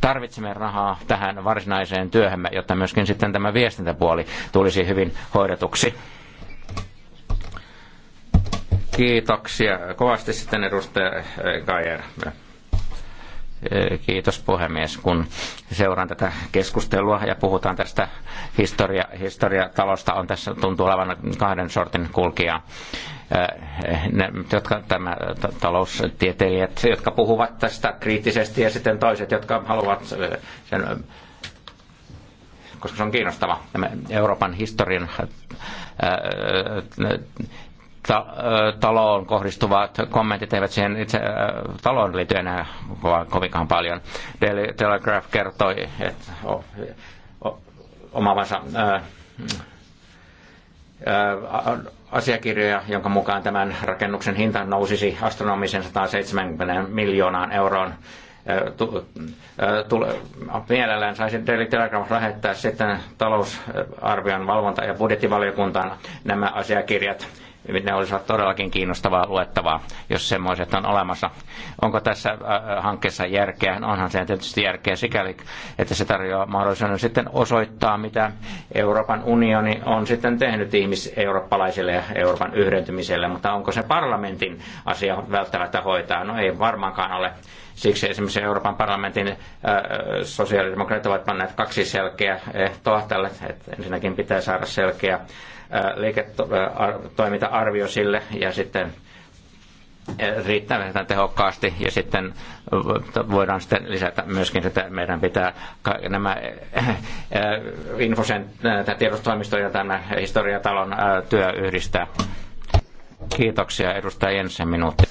tarvitsemme rahaa tähän varsinaiseen työhömme, jotta myöskin sitten tämä viestintäpuoli tulisi hyvin hoidetuksi. Kiitoksia kovasti sitten edustaja eh, Gajer. Eh, kiitos puhemies, kun seuraan tätä keskustelua ja puhutaan tästä historia, historiatalosta, on tässä tuntuu olevan kahden sortin kulkija. Eh, ne, jotka tämä taloustieteilijät, jotka puhuvat tästä kriittisesti ja sitten toiset, jotka haluavat sen koska se on kiinnostava tämä Euroopan historian ta, taloon kohdistuvat kommentit eivät siihen itse taloon liity enää kovinkaan paljon. Daily Telegraph kertoi, että o, o, asiakirjoja, jonka mukaan tämän rakennuksen hinta nousisi astronomisen 170 miljoonaan euroon. Tu, mielellään saisin Daily Telegraph lähettää sitten talousarvion valvonta- ja budjettivaliokuntaan nämä asiakirjat ne olisivat todellakin kiinnostavaa luettavaa, jos semmoiset on olemassa. Onko tässä äh, äh, hankkeessa järkeä? Onhan se tietysti järkeä sikäli, että se tarjoaa mahdollisuuden sitten osoittaa, mitä Euroopan unioni on sitten tehnyt ihmiseurooppalaisille ja Euroopan yhdentymiselle, mutta onko se parlamentin asia välttämättä hoitaa? No ei varmaankaan ole Siksi esimerkiksi Euroopan parlamentin äh, sosiaalidemokraatit ovat panneet kaksi selkeää ehtoa tälle. Että ensinnäkin pitää saada selkeä äh, liiketoiminta-arvio äh, sille ja sitten riittävän tehokkaasti ja sitten voidaan sitten lisätä myöskin, että meidän pitää nämä infosen tiedostoimistoja ja tämä historiatalon työ yhdistää. Kiitoksia edustaja Jensen minuutti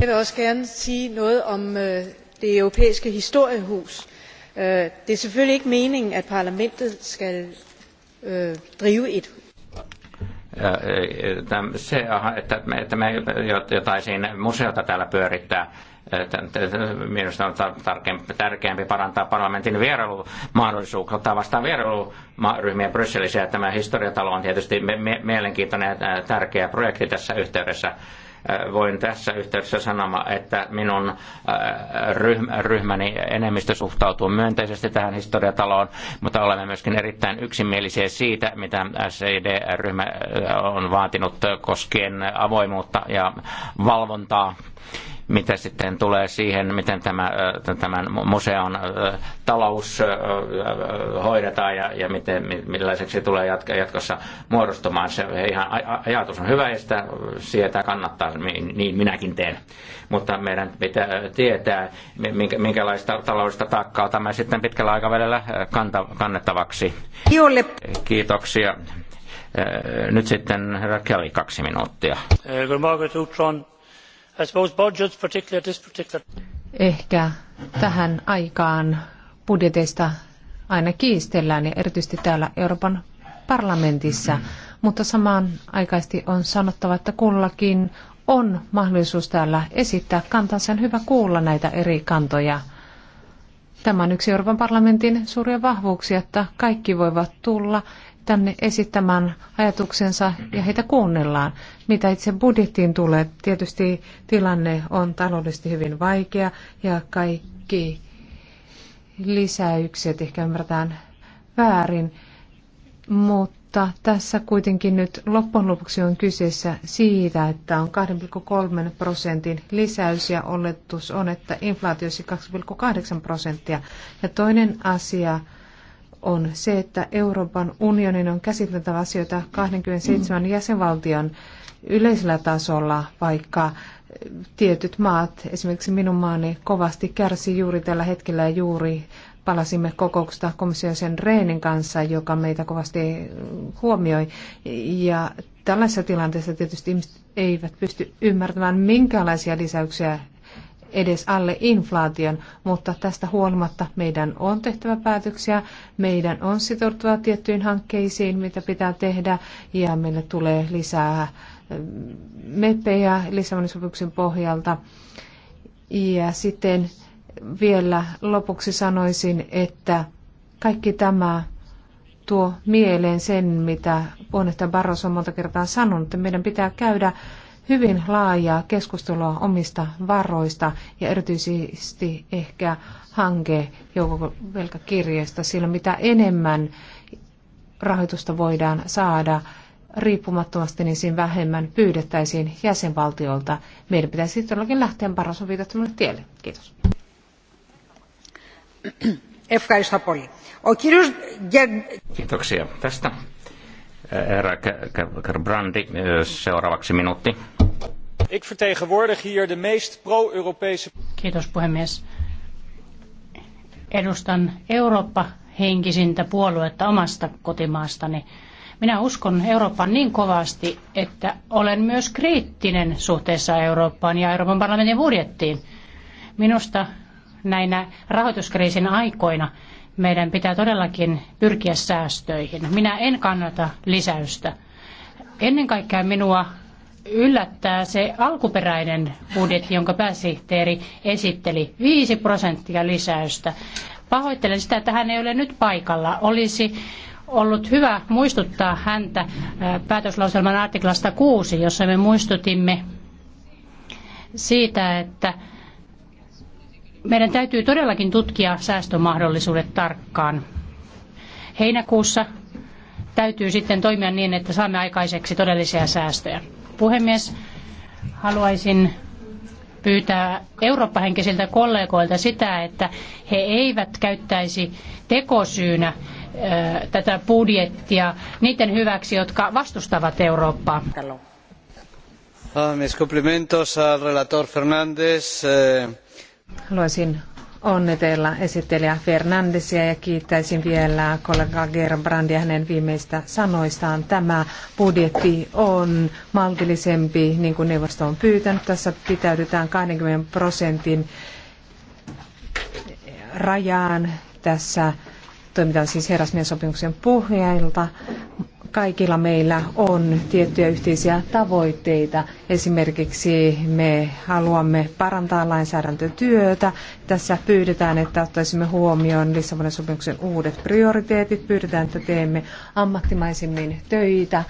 jeg vil også gerne sige noget om øh, det europæiske historiehus øh, det er selvfølgelig ikke meningen at parlamentet skal øh, drive et se, että, että me jotain siinä museota täällä pyörittää. Äh, Minusta on tärkeämpi parantaa parlamentin vierailumahdollisuuksia tai vastaan vierailuryhmiä Brysselissä. Tämä historiatalo on tietysti mielenkiintoinen ja äh, tärkeä projekti tässä yhteydessä. Äh, voin tässä yhteydessä sanoa, että minun äh, ryhmäni enemmistö suhtautuu myönteisesti tähän historiataloon, mutta olemme myöskin erittäin yksimielisiä siitä, mitä SED-ryhmä äh, on vaatinut koskien avoimuutta ja valvontaa mitä sitten tulee siihen, miten tämä, tämän museon talous hoidetaan ja, ja miten, millaiseksi se tulee jatkossa muodostumaan. Se ihan ajatus on hyvä ja sitä sietää kannattaa, niin minäkin teen. Mutta meidän pitää tietää, minkälaista taloudellista taakkaa tämä sitten pitkällä aikavälillä kanta, kannettavaksi. Jolle. Kiitoksia. Nyt sitten herra Kelly, kaksi minuuttia. Good Ehkä tähän aikaan budjeteista aina kiistellään ja erityisesti täällä Euroopan parlamentissa, mutta samanaikaisesti aikaisesti on sanottava, että kullakin on mahdollisuus täällä esittää kantansa. On hyvä kuulla näitä eri kantoja. Tämä on yksi Euroopan parlamentin suuria vahvuuksia, että kaikki voivat tulla tänne esittämään ajatuksensa ja heitä kuunnellaan. Mitä itse budjettiin tulee, tietysti tilanne on taloudellisesti hyvin vaikea ja kaikki lisäykset ehkä ymmärretään väärin, mutta tässä kuitenkin nyt loppujen lopuksi on kyseessä siitä, että on 2,3 prosentin lisäys ja oletus on, että inflaatiosi 2,8 prosenttia. Ja toinen asia on se, että Euroopan unionin on käsiteltävä asioita 27 jäsenvaltion yleisellä tasolla, vaikka tietyt maat, esimerkiksi minun maani, kovasti kärsi juuri tällä hetkellä ja juuri palasimme kokouksesta komission sen Reenin kanssa, joka meitä kovasti huomioi. Ja tällaisessa tilanteessa tietysti ihmiset eivät pysty ymmärtämään, minkälaisia lisäyksiä edes alle inflaation, mutta tästä huolimatta meidän on tehtävä päätöksiä, meidän on sitouduttava tiettyihin hankkeisiin, mitä pitää tehdä, ja meille tulee lisää eh, MEPejä Lissabonin sopimuksen pohjalta. Ja sitten vielä lopuksi sanoisin, että kaikki tämä tuo mieleen sen, mitä puheenjohtaja Barroso on monta kertaa sanonut, että meidän pitää käydä hyvin laajaa keskustelua omista varoista ja erityisesti ehkä hanke joukovelkakirjoista, sillä mitä enemmän rahoitusta voidaan saada riippumattomasti, niin siinä vähemmän pyydettäisiin jäsenvaltiolta. Meidän pitäisi todellakin lähteä paras viitattomalle tielle. Kiitos. Kiitoksia tästä. Herra Kerbrandi, seuraavaksi minuutti. Ik vertegenwoordig hier de meest pro-Europese... Kiitos puhemies. Edustan Eurooppa-henkisintä puoluetta omasta kotimaastani. Minä uskon Euroopan niin kovasti, että olen myös kriittinen suhteessa Eurooppaan ja Euroopan parlamentin budjettiin. Minusta näinä rahoituskriisin aikoina meidän pitää todellakin pyrkiä säästöihin. Minä en kannata lisäystä. Ennen kaikkea minua yllättää se alkuperäinen budjetti, jonka pääsihteeri esitteli. 5 prosenttia lisäystä. Pahoittelen sitä, että hän ei ole nyt paikalla. Olisi ollut hyvä muistuttaa häntä äh, päätöslauselman artiklasta 6, jossa me muistutimme siitä, että meidän täytyy todellakin tutkia säästömahdollisuudet tarkkaan. Heinäkuussa täytyy sitten toimia niin, että saamme aikaiseksi todellisia säästöjä. Puhemies, haluaisin pyytää eurooppahenkisiltä kollegoilta sitä, että he eivät käyttäisi tekosyynä tätä budjettia niiden hyväksi, jotka vastustavat Eurooppaa. Ah, mis cumplimentos al relator eh. Haluaisin onnitella esittelijä Fernandesia ja kiittäisin vielä kollega Gerbrandia hänen viimeistä sanoistaan. Tämä budjetti on maltillisempi, niin kuin neuvosto on pyytänyt. Tässä pitäydytään 20 prosentin rajaan tässä toimitaan siis herrasmiesopimuksen pohjalta, kaikilla meillä on tiettyjä yhteisiä tavoitteita. Esimerkiksi me haluamme parantaa lainsäädäntötyötä. Tässä pyydetään, että ottaisimme huomioon Lissabonin sopimuksen uudet prioriteetit. Pyydetään, että teemme ammattimaisemmin töitä,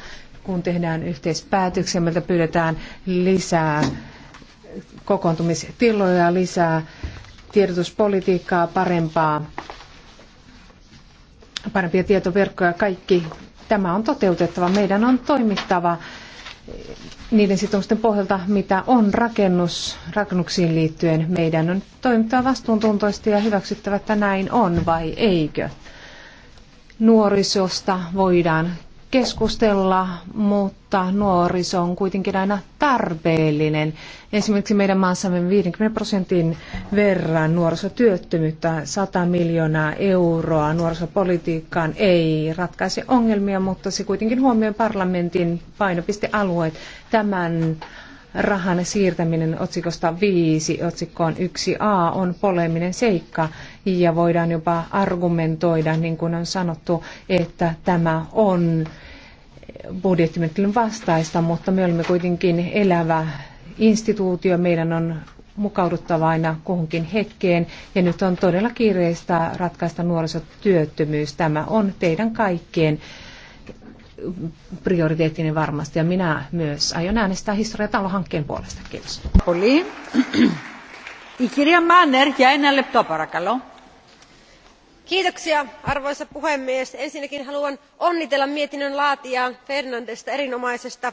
kun tehdään yhteispäätöksiä. Meiltä pyydetään lisää kokoontumistiloja, lisää tiedotuspolitiikkaa, parempaa parempia tietoverkkoja. Kaikki tämä on toteutettava. Meidän on toimittava niiden sitoumusten pohjalta, mitä on rakennus, rakennuksiin liittyen. Meidän on toimittava vastuuntuntoisesti ja hyväksyttävä, että näin on vai eikö. Nuorisosta voidaan keskustella, mutta nuoriso on kuitenkin aina tarpeellinen. Esimerkiksi meidän maassamme 50 prosentin verran nuorisotyöttömyyttä, 100 miljoonaa euroa nuorisopolitiikkaan ei ratkaise ongelmia, mutta se kuitenkin huomioi parlamentin painopistealueet. Tämän rahan siirtäminen otsikosta 5 otsikkoon 1a on poleminen seikka ja voidaan jopa argumentoida, niin kuin on sanottu, että tämä on budjettimenettelyn vastaista, mutta me olemme kuitenkin elävä instituutio, meidän on mukauduttava aina kuhunkin hetkeen ja nyt on todella kiireistä ratkaista nuorisotyöttömyys. Tämä on teidän kaikkien prioriteettinen niin varmasti ja minä myös aion äänestää historiatalohankkeen puolesta. Kiitos. Oli. Kirja Manner ja ennen leptoa Kiitoksia, arvoisa puhemies ensinnäkin haluan onnitella mietinnön laatijaa fernandesta erinomaisesta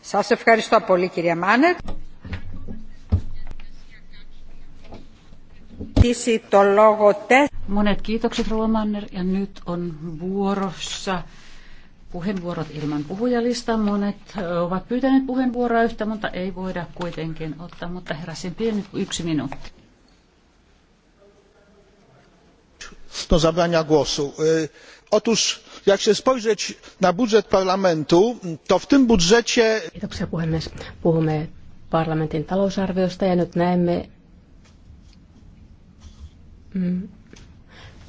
Σας ευχαριστώ πολύ κυρία Μάνερ. Monet kiitokset Rova Manner ja nyt on vuorossa puheenvuorot ilman puhujalistaa. Monet ovat pyytäneet puheenvuoroa yhtä, mutta ei voida kuitenkin ottaa, mutta heräsin pieni yksi minuutti. Do zabrania głosu. Otóż jak się spojrzeć na budżet parlamentu to w tym budżecie Kiitoksia puhemies. Puhumme parlamentin talousarviosta ja nyt näemme mm,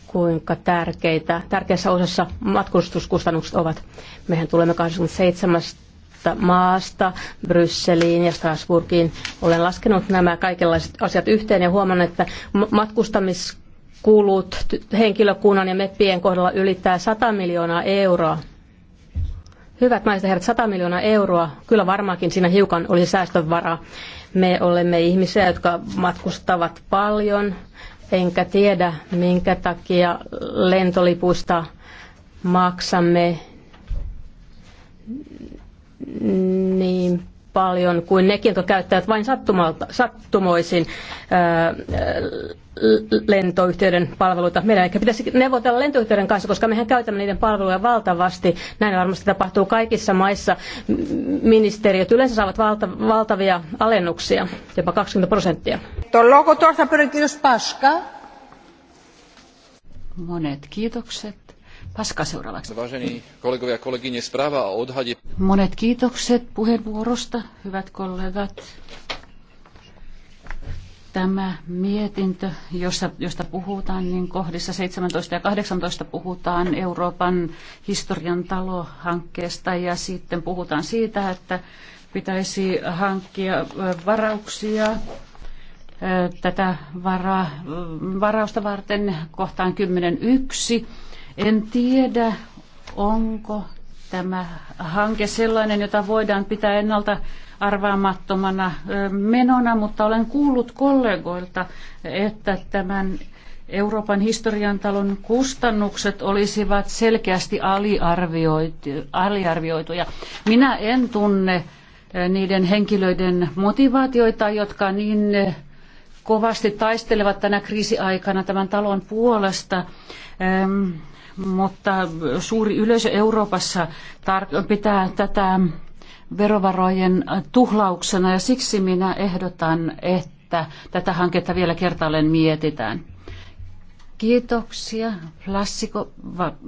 kuinka tärkeitä, tärkeässä osassa matkustuskustannukset ovat. Mehän tulemme 27 maasta Brysseliin ja Strasburgiin. Olen laskenut nämä kaikenlaiset asiat yhteen ja huomannut, että matkustamiskustannukset kulut henkilökunnan ja meppien kohdalla ylittää 100 miljoonaa euroa. Hyvät naiset ja herrat, 100 miljoonaa euroa, kyllä varmaankin siinä hiukan olisi säästönvaraa. Me olemme ihmisiä, jotka matkustavat paljon, enkä tiedä minkä takia lentolipuista maksamme niin paljon kuin nekin, jotka käyttävät vain sattumoisin ää, lentoyhtiöiden palveluita. Meidän ehkä pitäisi neuvotella lentoyhtiöiden kanssa, koska mehän käytämme niiden palveluja valtavasti. Näin varmasti tapahtuu kaikissa maissa. Ministeriöt yleensä saavat valta, valtavia alennuksia, jopa 20 prosenttia. Monet kiitokset. Paska seuraavaksi. Vážení kollegovia, kollegine, správa o Odhadi. Monet kiitokset puheenvuorosta, hyvät kollegat. Tämä mietintö, jossa, josta puhutaan, niin kohdissa 17 ja 18 puhutaan Euroopan historian talohankkeesta ja sitten puhutaan siitä, että pitäisi hankkia varauksia tätä vara, varausta varten kohtaan 10.1. En tiedä, onko tämä hanke sellainen, jota voidaan pitää ennalta arvaamattomana menona, mutta olen kuullut kollegoilta, että tämän Euroopan historian talon kustannukset olisivat selkeästi aliarvioituja. Minä en tunne niiden henkilöiden motivaatioita, jotka niin kovasti taistelevat tänä kriisiaikana tämän talon puolesta. mutta suuri yleisö Euroopassa pitää tätä verovarojen tuhlauksena ja siksi minä ehdotan, että tätä hanketta vielä kertaalleen mietitään. Kiitoksia. Lassiko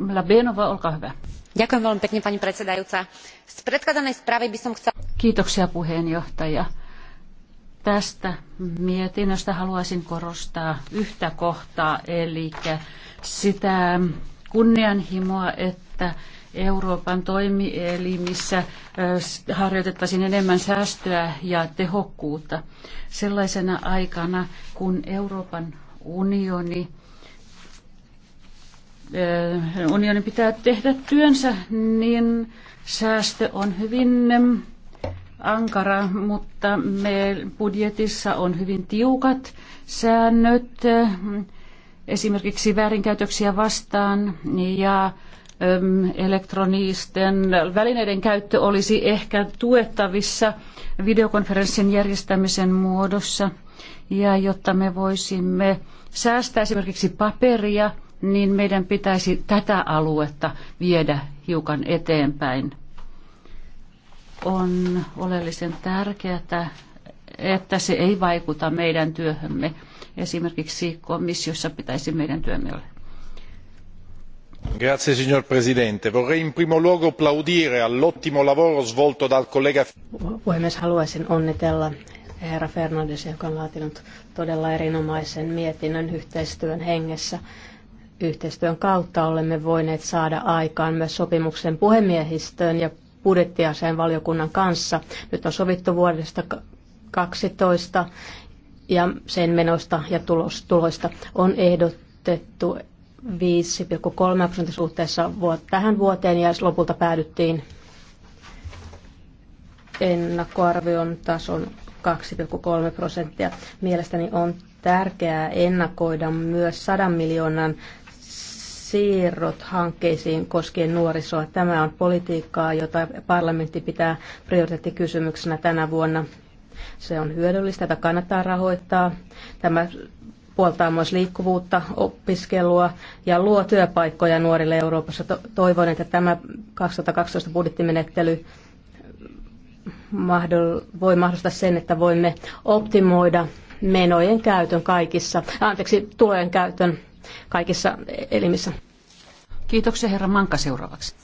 Labenova, olkaa hyvä. Kiitoksia puheenjohtaja. Tästä mietinnöstä haluaisin korostaa yhtä kohtaa, eli sitä kunnianhimoa, että Euroopan toimielimissä harjoitettaisiin enemmän säästöä ja tehokkuutta sellaisena aikana, kun Euroopan unioni unioni pitää tehdä työnsä, niin säästö on hyvin ankara, mutta me budjetissa on hyvin tiukat säännöt esimerkiksi väärinkäytöksiä vastaan ja elektronisten välineiden käyttö olisi ehkä tuettavissa videokonferenssin järjestämisen muodossa. Ja jotta me voisimme säästää esimerkiksi paperia, niin meidän pitäisi tätä aluetta viedä hiukan eteenpäin. On oleellisen tärkeää, että se ei vaikuta meidän työhömme. Esimerkiksi komissiossa pitäisi meidän työmme olla signor presidente vorrei in primo luogo plaudire all'ottimo lavoro svolto dal collega. puhemies haluaisin onnitella herra fernandesia joka on laatinut todella erinomaisen mietinnön yhteistyön hengessä. yhteistyön kautta olemme voineet saada aikaan myös sopimuksen puhemiehistön ja budjettiasian valiokunnan kanssa. nyt on sovittu vuodesta 12 ja sen menoista ja tuloista on ehdotettu 5,3 prosentin suhteessa tähän vuoteen ja lopulta päädyttiin ennakkoarvion tason 2,3 prosenttia. Mielestäni on tärkeää ennakoida myös 100 miljoonan siirrot hankkeisiin koskien nuorisoa. Tämä on politiikkaa, jota parlamentti pitää prioriteettikysymyksenä tänä vuonna. Se on hyödyllistä, tätä kannattaa rahoittaa. Tämä puoltaa myös liikkuvuutta, opiskelua ja luo työpaikkoja nuorille Euroopassa. Toivon, että tämä 2012 budjettimenettely eh, voi mahdollistaa sen, että voimme optimoida menojen käytön kaikissa, anteeksi, tulojen käytön kaikissa elimissä. Kiitoksia herra Manka seuraavaksi.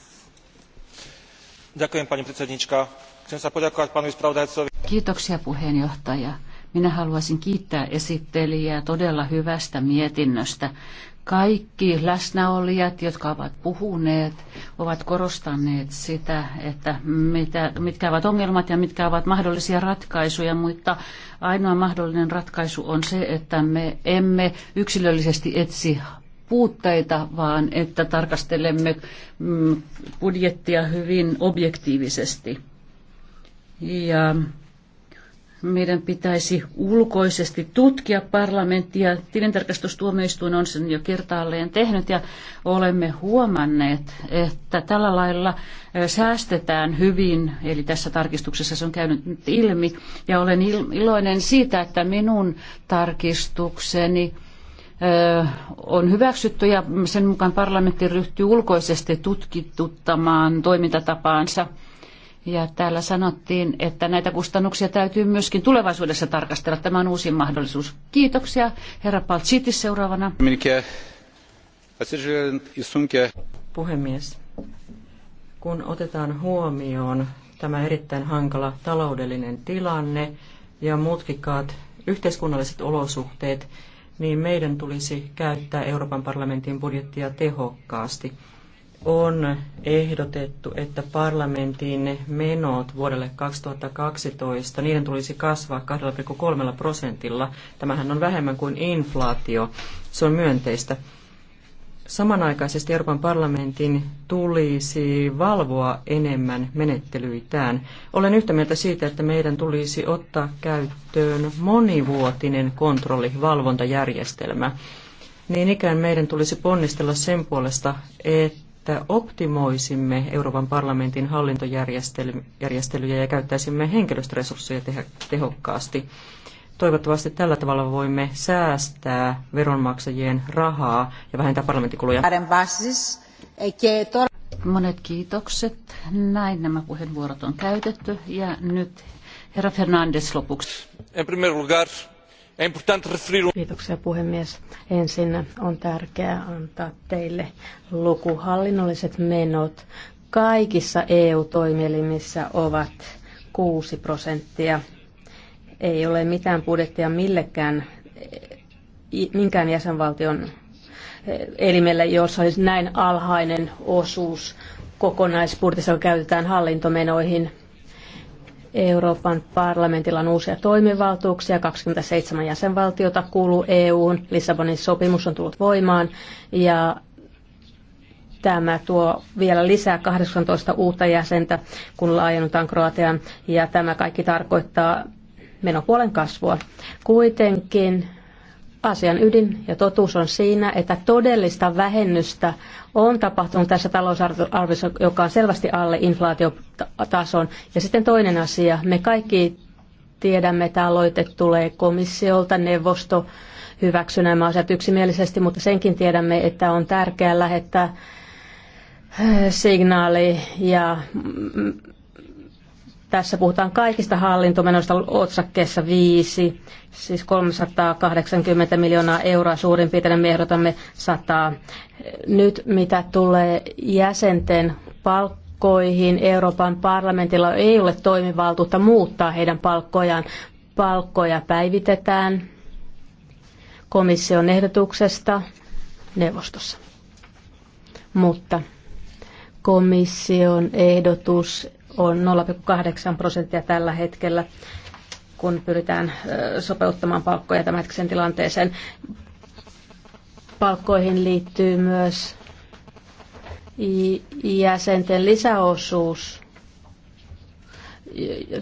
Kiitoksia puheenjohtaja. Minä haluaisin kiittää esittelijää todella hyvästä mietinnöstä. Kaikki läsnäolijat, jotka ovat puhuneet, ovat korostaneet sitä, että mitä, mitkä ovat ongelmat ja mitkä ovat mahdollisia ratkaisuja, mutta ainoa mahdollinen ratkaisu on se, että me emme yksilöllisesti etsi puutteita, vaan että tarkastelemme mm, budjettia hyvin objektiivisesti. Ja meidän pitäisi ulkoisesti tutkia parlamenttia. Tilintarkastustuomioistuin on sen jo kertaalleen tehnyt ja olemme huomanneet, että tällä lailla säästetään hyvin, eli tässä tarkistuksessa se on käynyt nyt ilmi. Ja olen iloinen siitä, että minun tarkistukseni on hyväksytty ja sen mukaan parlamentti ryhtyy ulkoisesti tutkituttamaan toimintatapaansa – ja täällä sanottiin, että näitä kustannuksia täytyy myöskin tulevaisuudessa tarkastella. Tämä on uusi mahdollisuus. Kiitoksia. Herra Paltsitis seuraavana. Puhemies, kun otetaan huomioon tämä erittäin hankala taloudellinen tilanne ja mutkikkaat yhteiskunnalliset olosuhteet, niin meidän tulisi käyttää Euroopan parlamentin budjettia tehokkaasti on ehdotettu, että parlamentin menot vuodelle 2012, niiden tulisi kasvaa 2,3 prosentilla. Tämähän on vähemmän kuin inflaatio. Se on myönteistä. Samanaikaisesti Euroopan parlamentin tulisi valvoa enemmän menettelyitään. Olen yhtä mieltä siitä, että meidän tulisi ottaa käyttöön monivuotinen kontrollivalvontajärjestelmä. Niin ikään meidän tulisi ponnistella sen puolesta, että että optimoisimme Euroopan parlamentin hallintojärjestelyjä ja käyttäisimme henkilöstöresursseja tehokkaasti. Toivottavasti tällä tavalla voimme säästää veronmaksajien rahaa ja vähentää parlamenttikuluja. Monet kiitokset. Näin nämä puheenvuorot on käytetty ja nyt herra Fernandes lopuksi. En primer lugar, Kiitoksia puhemies. Ensin on tärkeää antaa teille lukuhallinnolliset menot. Kaikissa EU-toimielimissä ovat 6 prosenttia. Ei ole mitään budjettia millekään, minkään jäsenvaltion e, elimelle, jossa olisi näin alhainen osuus kokonaisbudjetissa, joka käytetään hallintomenoihin Euroopan parlamentilla on uusia toimivaltuuksia, 27 jäsenvaltiota kuuluu EUun, Lissabonin sopimus on tullut voimaan ja tämä tuo vielä lisää 18 uutta jäsentä, kun laajennutaan Kroatian ja tämä kaikki tarkoittaa menopuolen kasvua. Kuitenkin Asian ydin ja totuus on siinä, että todellista vähennystä on tapahtunut tässä talousarviossa, joka on selvästi alle inflaatiotason. Ja sitten toinen asia, me kaikki tiedämme, että aloite tulee komissiolta, neuvosto hyväksy nämä asiat yksimielisesti, mutta senkin tiedämme, että on tärkeää lähettää eh, signaali ja tässä puhutaan kaikista hallintomenoista otsakkeessa 5, siis 380 miljoonaa euroa suurin piirtein me ehdotamme 100. Nyt mitä tulee jäsenten palkkoihin, Euroopan parlamentilla ei ole toimivaltuutta muuttaa heidän palkkojaan. Palkkoja päivitetään komission ehdotuksesta neuvostossa. Mutta komission ehdotus on 0,8 prosenttia tällä hetkellä, kun pyritään sopeuttamaan palkkoja tämänhetkisen tilanteeseen. Palkkoihin liittyy myös jäsenten lisäosuus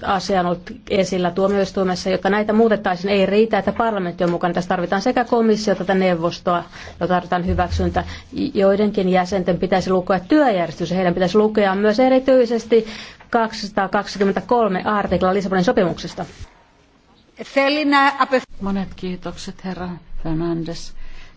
asia on ollut esillä tuomioistuimessa, jotta näitä muutettaisiin, ei riitä, että parlamentti on mukana. Tässä tarvitaan sekä komissiota että neuvostoa, jota tarvitaan hyväksyntä. Joidenkin jäsenten pitäisi lukea työjärjestys, ja heidän pitäisi lukea myös erityisesti 223 artikla Lisabonin sopimuksesta. Monet kiitokset, herra Fernandes.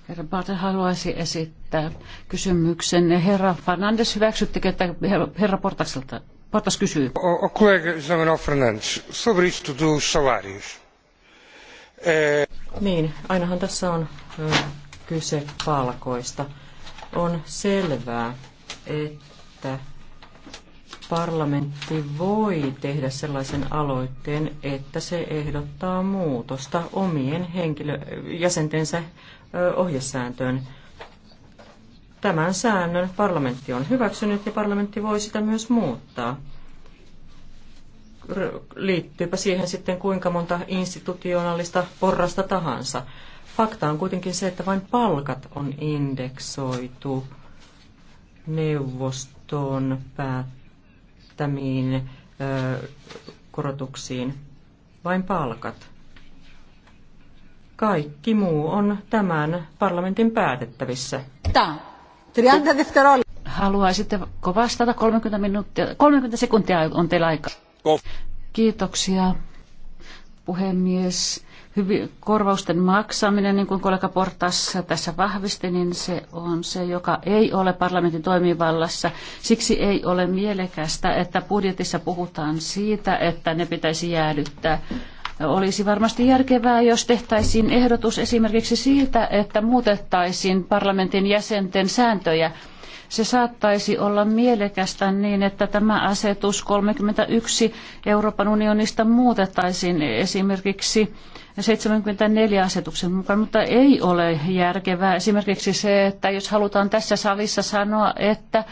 Herra Bartel haluaisi esittää kysymyksen. Herra Fernandes, hyväksyttekö, että herra Portakselta Portas kysyy. O, o kollega José Fernandes, sobre isto dos salários. Niin, ainahan tässä on kyse palkoista. On selvää, että parlamentti voi tehdä sellaisen aloitteen, että se ehdottaa muutosta omien henkilö- jäsentensä ohjesääntöön. Tämän säännön parlamentti on hyväksynyt ja parlamentti voi sitä myös muuttaa. Liittyypä siihen sitten kuinka monta institutionaalista porrasta tahansa. Fakta on kuitenkin se, että vain palkat on indeksoitu neuvoston päättämiin ö, korotuksiin. Vain palkat. Kaikki muu on tämän parlamentin päätettävissä. Tää 30 δευτερόλεπτα. Haluaisitteko vastata 30, minuuttia, 30 sekuntia on teillä aikaa. Kiitoksia, puhemies. Hyvi, korvausten maksaminen, niin kuin kollega Portas tässä vahvisti, niin se on se, joka ei ole parlamentin toimivallassa. Siksi ei ole mielekästä, että budjetissa puhutaan siitä, että ne pitäisi jäädyttää. Olisi varmasti järkevää, jos tehtäisiin ehdotus esimerkiksi siitä, että muutettaisiin parlamentin jäsenten sääntöjä. Se saattaisi olla mielekästä niin, että tämä asetus 31 Euroopan unionista muutettaisiin esimerkiksi 74 asetuksen mukaan, mutta ei ole järkevää esimerkiksi se, että jos halutaan tässä salissa sanoa, että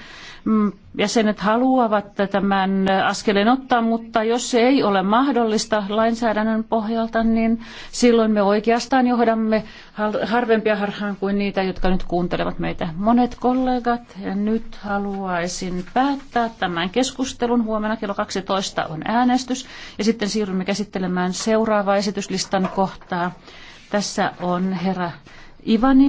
Mm, jäsenet haluavat tämän askeleen ottaa, mutta jos se ei ole mahdollista lainsäädännön pohjalta, niin silloin me oikeastaan johdamme harvempia harhaan kuin niitä, jotka nyt kuuntelevat meitä. Monet kollegat, ja nyt haluaisin päättää tämän keskustelun. Huomenna kello 12 on äänestys, ja sitten siirrymme käsittelemään seuraavaa esityslistan kohtaa. Tässä on herra Ivani.